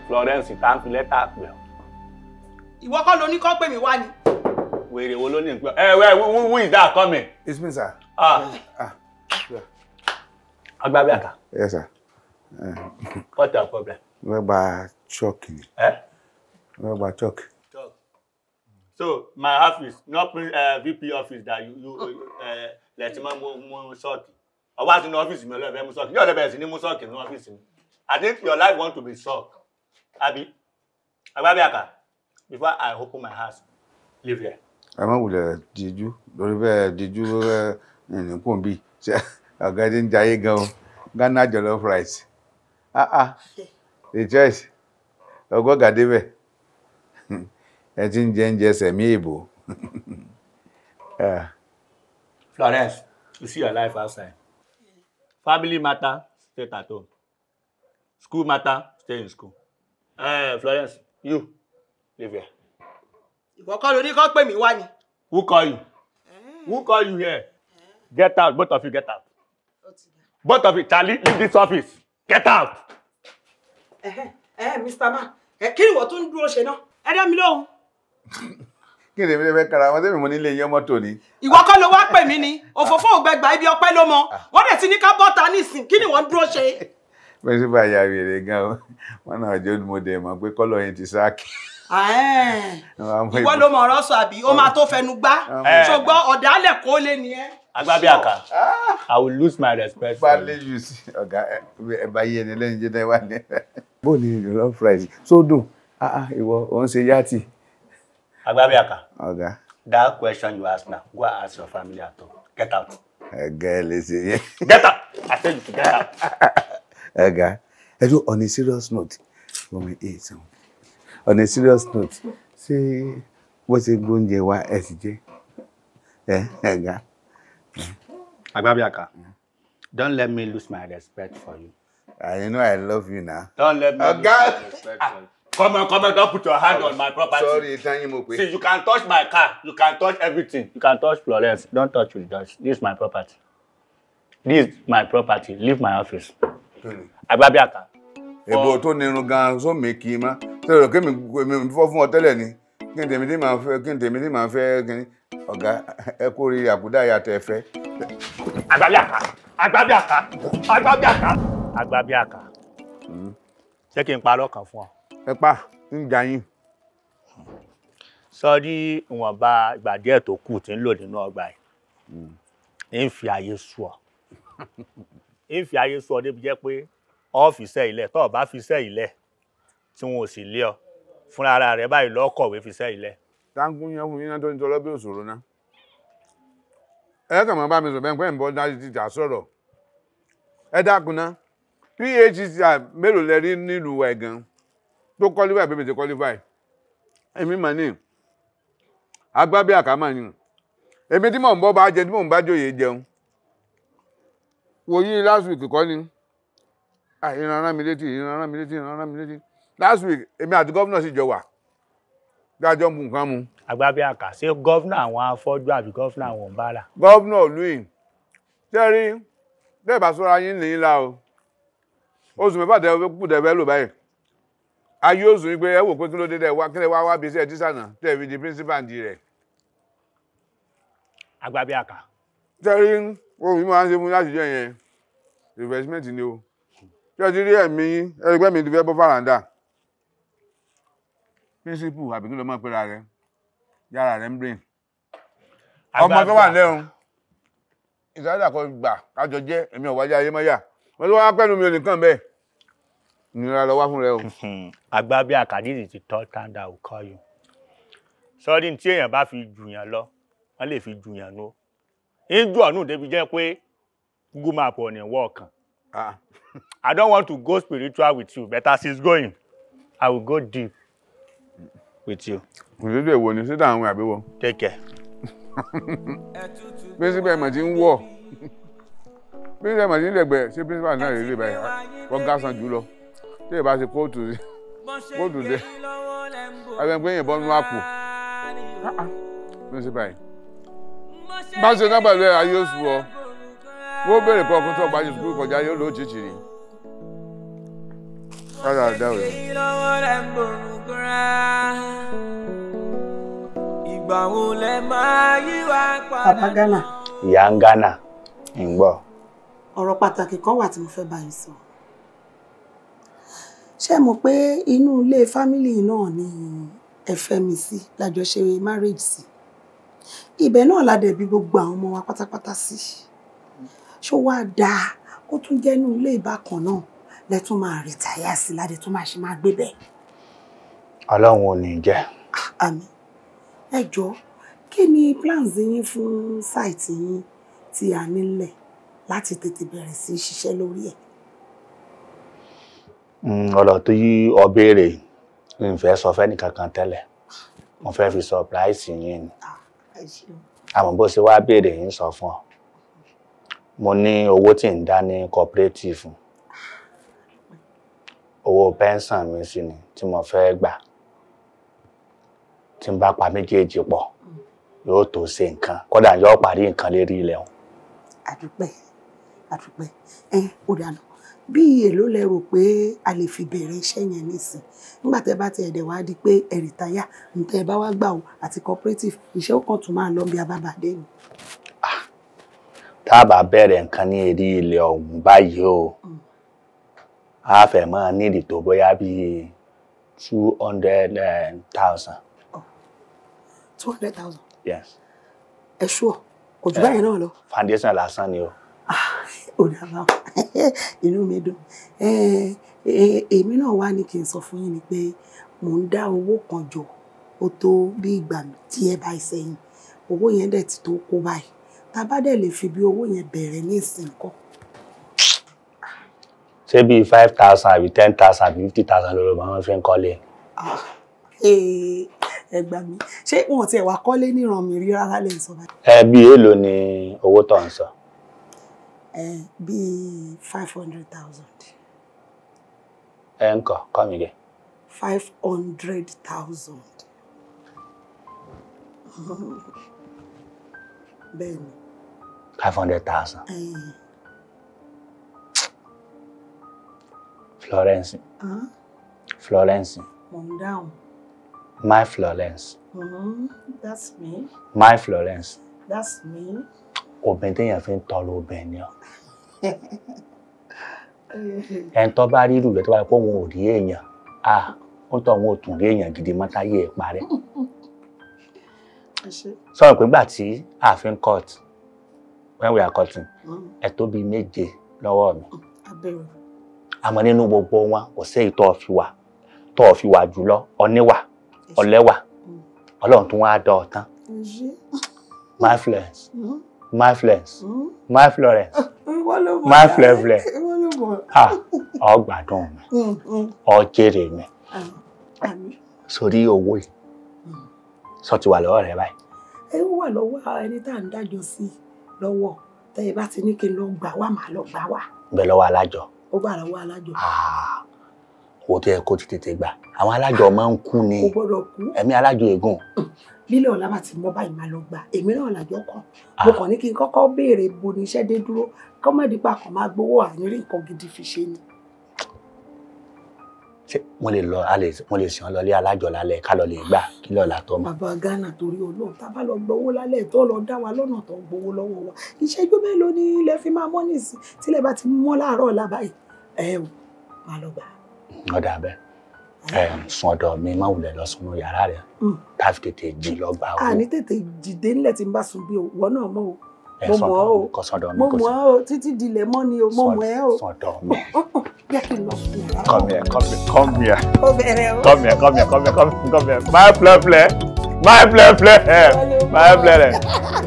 Florence tá ń fi lẹ́tà pè ọ́. ìwọ kọ́ ló ní kọ́ pè mí wá ni. wèrè wo ló ní ìpín ẹ wẹ wú wú ìdá àkọ́ it's me sir. Ah. Ah. agbábí àká. yes sir. Eh. what's your problem. wọ́n gba chalk ni. wọ́n eh? gba chalk. So my office, not uh, VP office that you, you uh, let him mú sọ́ọ̀kì. Ó wá sínú ọ́fíìsì mi ọlọ́ọ̀fẹ́ mú sọ́ọ̀kì. Yóò dẹ̀bẹ̀rẹ̀ sí ní mú sọ́ọ̀kì ní ọ́fíìsì mi. I think your life want to be short. Abi, Agbabiaka, before I open my house, live here. Ẹ má wulẹ̀ díjú lórí bẹ́ẹ̀ díjú ní kò ń bì. Ọ̀gá ẹni ń jayé gan o. Ghana jollof rice. Ah ah, the choice. Ọgọ́gà débẹ̀ ẹ ti ń jẹ ń jẹ sẹ̀mí èbò. Eh. Florence, you see your life outside. Family matter, stay at home. School matter, stay in school. Uh, Florence, you, live here. Ìwọ kọ́ ló ní kọ́ pè mí wá ni. Who call you? Who call you here? Get out, both of you get out. Both of you, Charlie, leave this office. Get out. Eh, eh, Mr. Ma, kí ni ìwọ tó ń dúró ṣe náà? Ẹ dá mi lóhùn kí lèmi lè fẹ́ kara wọn tẹ́mi mo nílé iye mọ́tò ni. ìwọ kọ́ ló wá pè mí ni òfófó ògbẹgbà ibi ọpẹ́ ló mọ ah. wọ́n dẹ̀ ti ní ká bọ́ta nísìn kí ni wọ́n dúró ṣe. bẹ́ẹ̀ sì bá ya wèrè gan o wọn náà jẹ́ olùmọ̀dé mọ̀ pé kọ́lọ̀ yẹn ti sáàkì. ìwọ ló mọ ọ̀rọ̀ sọ àbí ó máa tó fẹnu gbá ṣùgbọ́n ọ̀dàlẹ̀ kó lé ni ẹ́. agbábí àká ah. i will lose my respect. balẹ̀ yìí sí ọ̀gá ẹ̀ bá yé ẹni lẹ́yìn jẹ́ náà wà ní. bó Agbabiaka. Okay. That question you ask now, go ask your family at home. Get out. Again, listen. Get out. I tell you to get out. Okay. Edu, on a serious note, woman eight seven. On a serious note, ṣé bó ṣe gbóúnjẹ wá ẹ sì jẹ? ẹ̀gá. Agbabiaka, don't let me lose my respect for you. I know I love you now. Don't let me lose my respect for you. Come on, come on, don't put your hand sorry. Oh, on my property. Sorry, Danny See, you can touch my car, you can touch everything. You can touch Florence. Don't touch with Dutch. This is my property. This is my property. Leave my office. Hmm. Ababiaka. Ebo tó nirun gan so mi ki ma. Se ro ke mi mi fo fún ọ tẹ́lẹ̀ ni. Kin tèmi ti ma fẹ́, kin tèmi ti ma fẹ́ kin. Ọ̀gá ẹ ko ri akuda ya te fẹ́. Ababiaka. Ababiaka. Ababiaka. Ababiaka. Mhm. Ṣé kí pa lọ́kàn fún ọ? ẹ̀pà ń jà yín. sọ́rí ìwọ̀nba ìgbà díẹ̀ tó kù tí ń lò nínú ọgbà yìí hmm. ń fi àyè sùọ́ ń fi àyè sùọ́ débi jẹ́ pé ọ́ fi iṣẹ́ ilẹ̀ tọ́ ọ bá fi iṣẹ́ ilẹ̀ tí wọn ò sì lé ọ fúnra ara rẹ báyìí lọ́kọ̀wé fi iṣẹ́ ilẹ̀. táǹkù yẹn fún yín tó ń tọrọ bí òṣòro náà ẹ kàn máa bá mi sọ̀rọ̀ bẹ́ẹ̀ pé ń bọ́ dájú ti jà sọ̀rọ̀ ẹ dákun ná phd mélòó lẹ rí nílùú ẹ̀ gan-an tó qualify bẹ́ẹ̀ mi ti qualify èmi mà ní agbábí àkàmà ni èmi tí mò ń bọ́ bá jẹ tí mò ń bá jòyè jẹun wòyí last week kọ́ ni ìran rán mi létí ìran rán mi létí ìran rán mi létí last week èmi àti gómìnà sì jọ wà dájọ́ mu nǹkan mu. agbábí àkà ṣé gómìnà àwọn afọ́jú àbí gómìnà àwọn ọ̀bára. gómìnà louis tẹ́rí bẹ́ẹ̀ bá sọ́ra yín nìyí la o oṣù mẹ́fà tẹ́ kú tẹ́ fẹ́ lò báyìí ayé òsùn wípé ẹ wò pé kí ló dé dẹ wá kí lè wá wá bí iṣẹ́ tíṣànà tó ẹbí di principal di rẹ. agbábí àká. tẹ́rí ohun yìí máa ń ṣe fún láti jẹ́ yẹn investment ni o tí o ti rí ẹ̀mí ẹgbẹ́ mi ti fẹ́ bọ́ fàràǹdà principal àbí kí ló mọ̀ pẹ́ra rẹ yàrá rẹ ń brain. ọmọ tó wà lẹ́hùn ìsáyédà kan gbà kájọ jẹ́ èmi ọ̀wájà ayé mọ́yà wọ́n ló wá pẹ́nu mi ò nìkan bẹ́ẹ̀ ìnira lọ wá fún rẹ o. àgbà bí àkàdìsì ti tọ́ tàǹdà ò kọ́ yìí sọ́ọ́dí tí èèyàn bá fi jùyàn lọ wọ́n lè fi jùyàn nú injú ọ̀nù débi jẹ́ pé google map ò ní ọ̀kan. Ah. I don't want to go spiritual with you but as it's going I will go deep with you. òṣèlú èwo ni sídà àwọn àbíwọ. take care. pírísípẹ̀ mọ̀ tí ń wọ̀ pírísípẹ̀ mọ̀ tí ń lẹ̀gbẹ̀ ṣé pírísípẹ̀ náà rèé lè báyìí wọ́n gá san jù lọ tí ìbá ṣe kóòtù kóòtù dé ẹgbẹ́ pé yìnbọn nínú àpò ló ṣe báyìí bá ṣe náà pẹ̀lú ẹ̀ ayé oṣù ọ wọ́n béèrè pé ọkùnrin tó ọgbà yóò sùkúrù kọjá yóò ló jìjì ni. rárá rẹ̀ dáwọ̀ ìgbà wo lẹ máa yí wa padà. bàbá Ghana. ìyá ń Ghana ń gbọ́. ọ̀rọ̀ pàtàkì kan wà tí mo fẹ́ bá yín sọ ṣé mọ̀ pé inú ilé fámìlì náà ni ẹ fẹ́ mi sí lájọṣe marriage sí ibẹ̀ náà la dẹ̀ bí gbogbo àwọn ọmọ wa pátápátá sí ṣó wá dáa ó tún jẹ́ inú ilé ìbákan náà lẹ́tún máa rìtáyà sí ládé tó máa ṣe máa gbé bẹ́ẹ̀. ọlọ́run ò ní jẹ́. àmín ẹ jọ kí ni plans yín fún site yín tí a nílẹ̀ láti tètè bẹ̀rẹ̀ sí ṣiṣẹ́ lórí ẹ̀ Mm, ọ̀rọ̀ tó yí ọbẹ̀ rẹ̀ n fẹ́ sọ fẹ́ni kankan tẹ́lẹ̀ mo fẹ́ fi sọpráìsì yín ni ah, àmọ́ bó ṣe wá béèrè yín sọ fún ọ mo ní owó tí ń dá ní cooperative owó pẹ́ńsàn mi sì ni tí mo fẹ́ gbà tí n bá pa méjèèjì pọ̀ yóò tó ṣe nǹkan kódà yóò parí nǹkan lérí ilẹ̀ ọ̀hún. àdúpẹ́ àdúpẹ́ ẹ ó dáná bí èló lẹ rò pé a lè fi bẹ̀rẹ̀ iṣẹ́ yẹn nísìn nígbà tẹ bá ti ẹ̀dẹ̀ wá di pé ẹ rìtáyà nǹkan ẹ bá wá gbà o àti cooperative iṣẹ́ ó kàn tún máa lọ bí abábà dé ni. Ah, tá a bá bẹ̀rẹ̀ nǹkan ní èdè ilẹ̀ ọ̀hún báyìí o hmm. a fẹ́ máa nídìí tó bóyá bíi two hundred eh, thousand. Oh, two hundred thousand. yes. ẹ ṣú ọ kò jù báyìí náà lọ. Eh, foundation lásán ni o. Ah, ó dàbà inú mi dùn èmi náà wá ní kí n sọ fún yín ni pé mò ń dá owó kan jọ ó tó bí ìgbà tí ẹ bá sẹ́yìn owó yẹn dẹ̀ ti tó kó báyìí tá a bá dẹ̀ lè fi bí owó yẹn bẹ̀rẹ̀ ní ìsìn kọ́. ṣé bíi five thousand àbí ten thousand àbí fifty thousand lórí ọmọ fi ń kọ́lé. Ah, eh, ẹ gbà mí ṣé wọn ti ẹ̀ wá kọ́lé níran mi rí rárá lè sọ ẹ bíi èèlò ni owó tó ń sọ. Eh, bíi five hundred thousand. Ẹ ń kọ̀, come again. Five hundred thousand. Bẹ́ẹ̀ni. Five hundred thousand. Eh. Florence. Huh? Florence. Mom down. My Florence. Mm-hmm. That's me. My Florence. That's me obìnrin téèyàn fi ń tọrọ obìnrin ni ọ ẹn tó bá rí rúbẹ tó bá rí pé òun ò rí èèyàn à ó tọ òun ò tún rí èèyàn gidi mọ́ táyé ẹ̀ parẹ́ sọ̀rọ̀ pé gbà tí ààfin court when we are cutting mm. ẹ̀ tó bíi méje lọ́wọ́ mi mm, àmọ́ nínú gbogbo wọn kò sí èyí tó fi wà tó fi wà jùlọ ọníwà ọlẹ́wà mm. ọlọ́run tó wá dọ̀ ọ̀tán my friends. Mm -hmm my florence my hmm? florence my florence ah, ah ọgbàdùn mi hmm, hmm. ọjẹrẹ mi ah, sórí owó yìí sọ ti wà lọ́wọ́ rẹ báyìí. ẹ ó wà lọ́wọ́ ẹni tá à ń dájọ́ sí lọ́wọ́ tẹ́ ẹ bá ti ní kí n lọ gbà wá màá lọ gbà wá. bẹ́ẹ̀ lọ́wọ́ alájọ. ó gbà lọ́wọ́ alájọ. Ah, owó tó yẹ kó ti tètè gbà àwọn alájọ máa ń kú ni ẹ̀mí alájọ ègún bílẹ̀ ọ̀la bá ti mọ́ báyìí máa lọ gbà èmi náà làjọ kàn mo ah. kàn ní kí n kọ́kọ́ béèrè bo ni iṣẹ́ dé dúró kọ́mọ̀dípà kan máa gbowó àníírí nǹkan gidi fi ṣe ni. ṣé mo lè lọ a lè mo lè sìn ọ lọlé alájọ lálẹ́ ká lọ lè gbà kí lọlá tó mọ. bàbá Ghana torí Ọlọ́run tá a bá lọ gbowó lálẹ́ tó lọ dá wa lọ́nà tó ń gbowó lọ́wọ́ wa ìṣẹ́jú mélòó ni ilẹ̀ fi máa mọ́ nísìn tílẹ̀ bá ti mọ́ láàárọ̀ làbáyé ẹ ò máa lọ gbà. ọ̀dà bẹ́ẹ̀ sùn ọ̀dọ̀ mi má wulẹ̀ lọ sùn yàrá rẹ̀ tá fi tètè jí lọ gbà ó. àní tètè jìde ńlẹ̀ tí n bá sùn bí wọ́n náà mọ̀ o mo mọ̀ ọ́ o mo mọ̀ ọ́ o títí dilẹ̀ mọ́ ni o mo mọ̀ ẹ́ o. sọ̀dọ̀ mi. jẹ́ kí n lọ sùn yàrá. come here come here come here. o bẹ̀rẹ̀ o. come here come here come here come here my play play my play play my play play.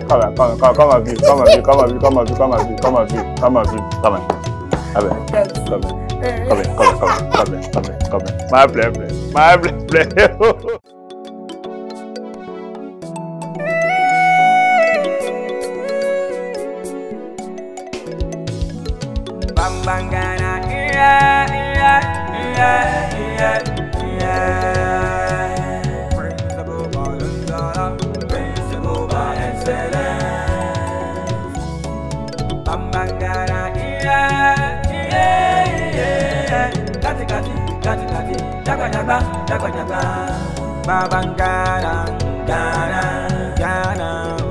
come here come here come here come here come here come here come here come here come here come here come here come here. Come here, come here, come here, come here, come here. My play, play, my play, play. Bang bang gana, yeah, yeah, yeah, yeah. Jaga jaga, jaga jaga. Babang garang, garang, garang.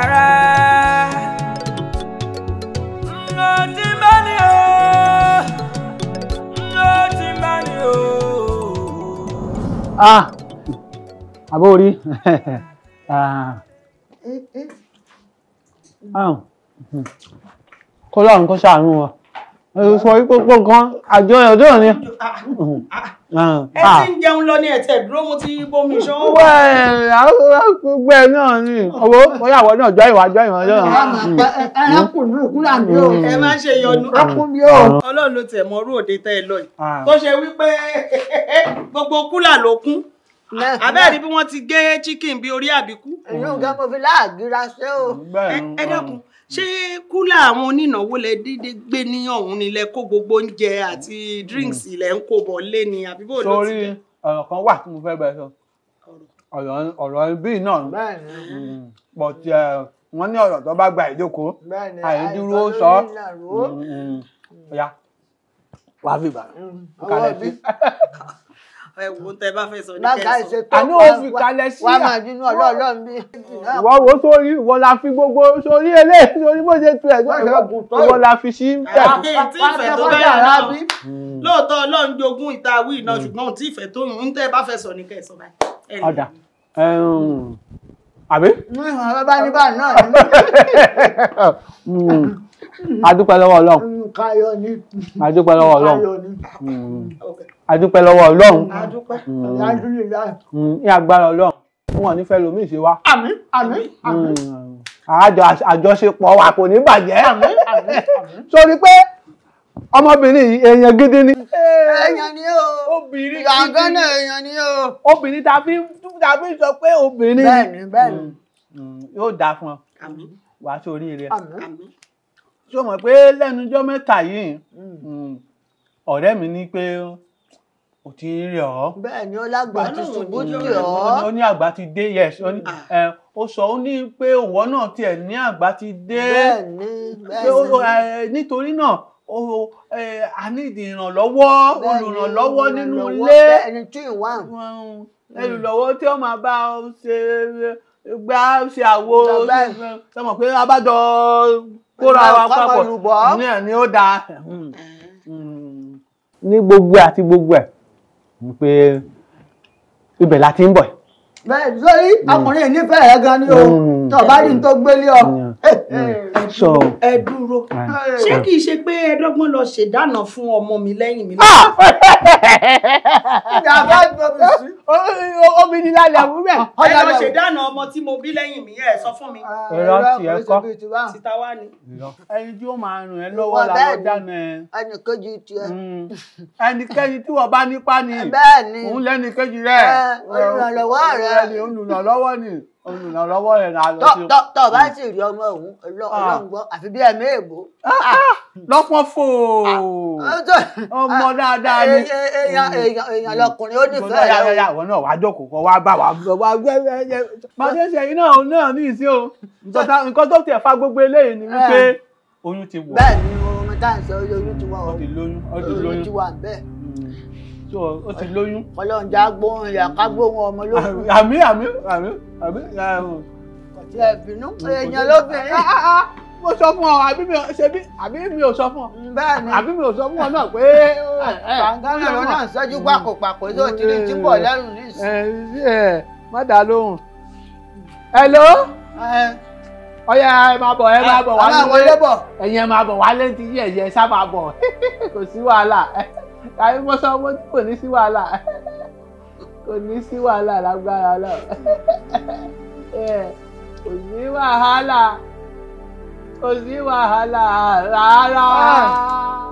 àkàrà. Nlo ti bá ní o, nlo ti bá ní o. Ah, àbórí. Kọ́lá nǹkan ṣàánú wa sọ wípé gbọ̀ngàn àjọyọ̀ ọjọ́ ni. Ah, ah. Ah. ẹ ti ń jẹun lọ ní ẹ̀tẹ̀ dúró mo ti bomi iṣan ó wà. gbẹ náà ni owó ìyàwó náà jọ ìwà jọ ìwà jọ ìwà. arákùnrin òkúra mi ò. ẹ má ṣe yọnu. arákùnrin ò. ọlọ́run ló tẹ̀ mọ́ orú òde tẹ́ ẹ lọ yìí. tó ṣe wípé gbogbo kúlà ló kún abẹ́ẹ̀ ni bí wọ́n ti gé chicken bí orí àbíkú. èyí ò gẹ́ mo fi láàgìrà ṣe o. ẹ dákun ṣé kúlà àwọn onínáwó lẹ dédé gbé ní ọ̀hún ni lẹ kó gbogbo oúnjẹ àti drinks hmm. ilẹ̀ ń kó bọ̀ lé ni àbí bò ló ti jẹ́. sórí ọ̀rọ̀ kan wà tí mo fẹ́ bẹ̀rẹ̀ sọ ọ̀rọ̀ bíi náà pọ̀ hmm. tí eh, wọ́n ní ọ̀rọ̀ tó bá gba ìjókòó àìdúró sọ ya wàá fìbà kàlẹ́ sí. ẹ̀wọ̀n tẹ bá fẹ́ sọ ní kẹsàn-án. àní òfì kalẹ̀ sí à. wà á máa bínú ọlọ́ọ̀lọ́ mi. ìwọ wo sórí ìwọ la fi gbogbo sórí eléyìí sórí bó ṣe tu ẹ̀ ìwọ la fi sí. àti ìtì ìfẹ́ tó bẹ́ẹ̀ náà hmm. lóòótọ́ ọlọ́run jogún ìta wí iná hmm. ṣùgbọ́n ìtì ìfẹ́ tó ń tẹ́ bá fẹ́ sọ ní kẹsàn-án. ọ̀dà àbí. bá ní bá náà ní. Hmm. adúpẹ́ lọ́wọ́ ọlọ́run. adúpẹ́ lọ́wọ́ ọlọ́run adúpẹ́ lọ́wọ́ ọlọ́run adúpẹ́ mm. alhamdulilayi mm. ní agbára ọlọ́run wọn nífẹ̀ẹ́ lomi ṣe wá. àmín àmín àmín. Mm. àjọ àjọṣepọ̀ wa kò ní bàjẹ́. àmín àmín àmín. sórí pé ọmọbìnrin yìí èèyàn gidi ni. èèyàn ni o obìnrin gidi ìyàgánná èèyàn ni o. obìnrin tàbí tàbí sọ pé obìnrin. bẹ́ẹ̀ni bẹ́ẹ̀ni. yóò dáa fún ọ wàá sórí rẹ. àmín. sọ ma pé lẹ́nu ọjọ́ mẹ́ta yìí ọ̀rẹ́ mi ní pé ó ti rẹ̀ ọ́. bẹ́ẹ̀ni ó lágbà ti ṣubú rẹ̀ ọ́. ó ní àgbà ti dé yes ó ah. sọ O ní pé òwò náà tiẹ̀ ní àgbà ti dé. bẹ́ẹ̀ni bẹ́ẹ̀ni. nítorí náà a ní ìrànlọ́wọ́ olùrànlọ́wọ́ nínú ilé. ẹni tí ì wá. Hmm, hmm. olùrànlọ́wọ́ tí ó máa bá ọ ṣe gbá ṣe àwo sọmọ pé abájọ kóra wa papọ̀ ní ẹ̀ ni ó dáa. Hmm. Eh. ní gbogbo àti gbogbo ẹ̀ wípé ibẹ̀ la ti ń bọ̀. bẹ́ẹ̀ sórí hmm. ọkùnrin yìí nífẹ̀ẹ́ gan ni o. Hmm tó bá rí n tó gbélé ọ. ẹ dúró ṣé kìí ṣe pé ẹ dọ́gbọ́n lọ ṣèdáná fún ọmọ mi lẹ́yìn mi. ìyàbá ah! gbọ́dọ̀ sí. omi ni lálẹ́ àwúrẹ́. ẹ lọ ṣèdáná ọmọ tí mo bí lẹ́yìn mi ẹ sọ fún mi. ẹ̀rọ ti ẹ kọ́ síta wá ni. ẹni tí ó máa ràn ẹ́ lọ́wọ́ làwọn dáná ẹ. ẹnìkejì tiẹ̀. Mm. ẹnikẹ́ni tí wọ́n bá nípa ni. òun lẹ́nìkejì rẹ̀. olùrànlọ́wọ́ rẹ̀. olùrànlọ́wọ́ ni olùrànlọ́wọ́ rẹ̀ náà lọ sí. tọ́ bá hmm. sì rí ọmọ òun ah. ọlọ́run gbọ́ àfi bí ẹ̀mí ègbó. Ah, ah. lọ́pọ̀ fò ọmọ dáadáa ni. Eh, eh, eh, hmm. èèyàn lọkùnrin ó nífẹ̀ẹ́ rẹ̀ o. yàrá àwọn náà wàá jókòó kọ wá bá wa. màdé ṣẹyìn náà òun náà ní ìsín o nǹkan tó tiẹ̀ fa gbogbo eléyìí ni wípé oyún ti wọ̀. bẹ́ẹ̀ ni ohun tá à ń sọ oyún ti wà ó ti lóyún ó ti lóyún ti wà bẹ́ẹ̀ so ó ti lóyún. Ọlọ́run já gbóhùn ìyá ká gbóhùn ọmọ lókun. àmì àmì àmì àmì. kọtí ẹ bínú èèyàn lóbìnrin. mo sọ fún ọ àbí mi ṣe bí àbí mi ò sọ fún ọ. bẹ́ẹ̀ ni àbí mi ò sọ fún ọ náà pé. kàǹgánà ló náà sọ́jú pàkó pàkó tó ti rí tí pọ̀ lẹ́rù nísìnyí. ẹ má dá lóhùn. hello. ọ̀yá ẹ máa bọ̀ ẹ máa bọ̀ wálé ẹ̀yin ẹ máa bọ̀ wálé ti yí ẹ̀yẹ sá bọ̀ kò sí wàhálà àyẹ̀mọ́sán ọmọ tí kò ní sí wàhálà kò ní sí wàhálà lágbára náà eh, kò sí wàhálà kò sí wàhálà rárá. Ah.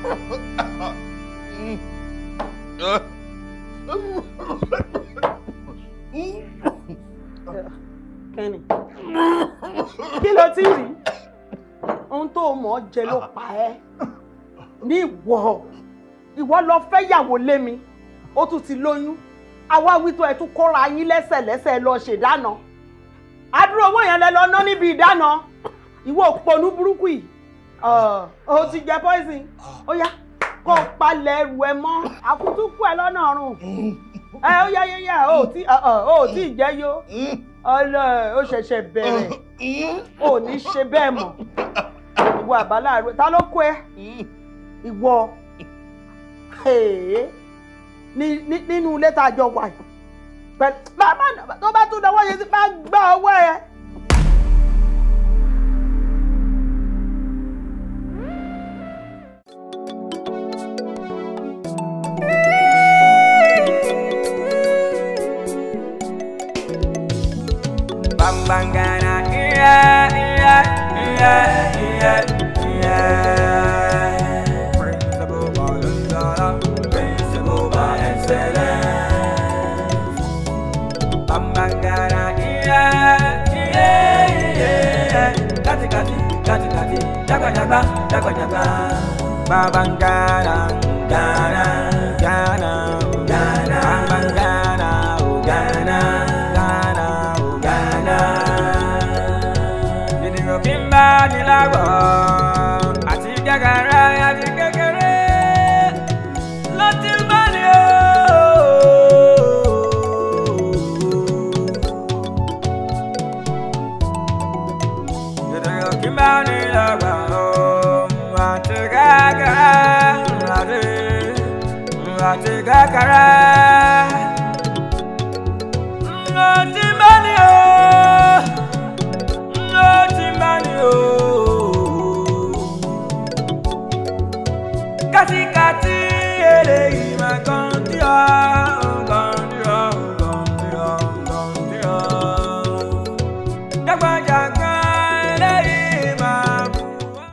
kẹ́ni kí ló ti rí ohun tó o mọ̀ jẹ ló pa ẹ́ ní ìwọ ìwọ lọ fẹ́ yàwó lé mi ó tún ti lóyún àwa wító ẹ tún kóra yín lẹ́sẹ̀ lẹ́sẹ̀ lọ ṣèdáná àdúrà owó yẹn lẹ lọ ná níbi ìdáná ìwọ òpònú burúkú yìí o ti jẹ poison ó yá kó o palẹ̀ ẹrù ẹ mọ́ àkútúkú ẹ lọ́nà ọ̀run ẹ ó yá yáyá o ti o ti jẹ́ yó ọlọ ó ṣẹ̀ṣẹ̀ bẹ̀rẹ̀ o ní ṣe bẹ́ẹ̀ mọ́ ìwọ àbáláàrú ta ló kó ẹ ìwọ nínú ilé tá a jọ wà yìí bàbá tó bá tún dọwọ́ yẹn sí bá gbá ọwọ́ ẹ. banggana yeah yeah yeah yeah yeah Principal Valentana Principal by yeah yeah yeah Kati kati kati kati Jagwa jagwa jagwa jagwa Babangana Gana Gana Sarah.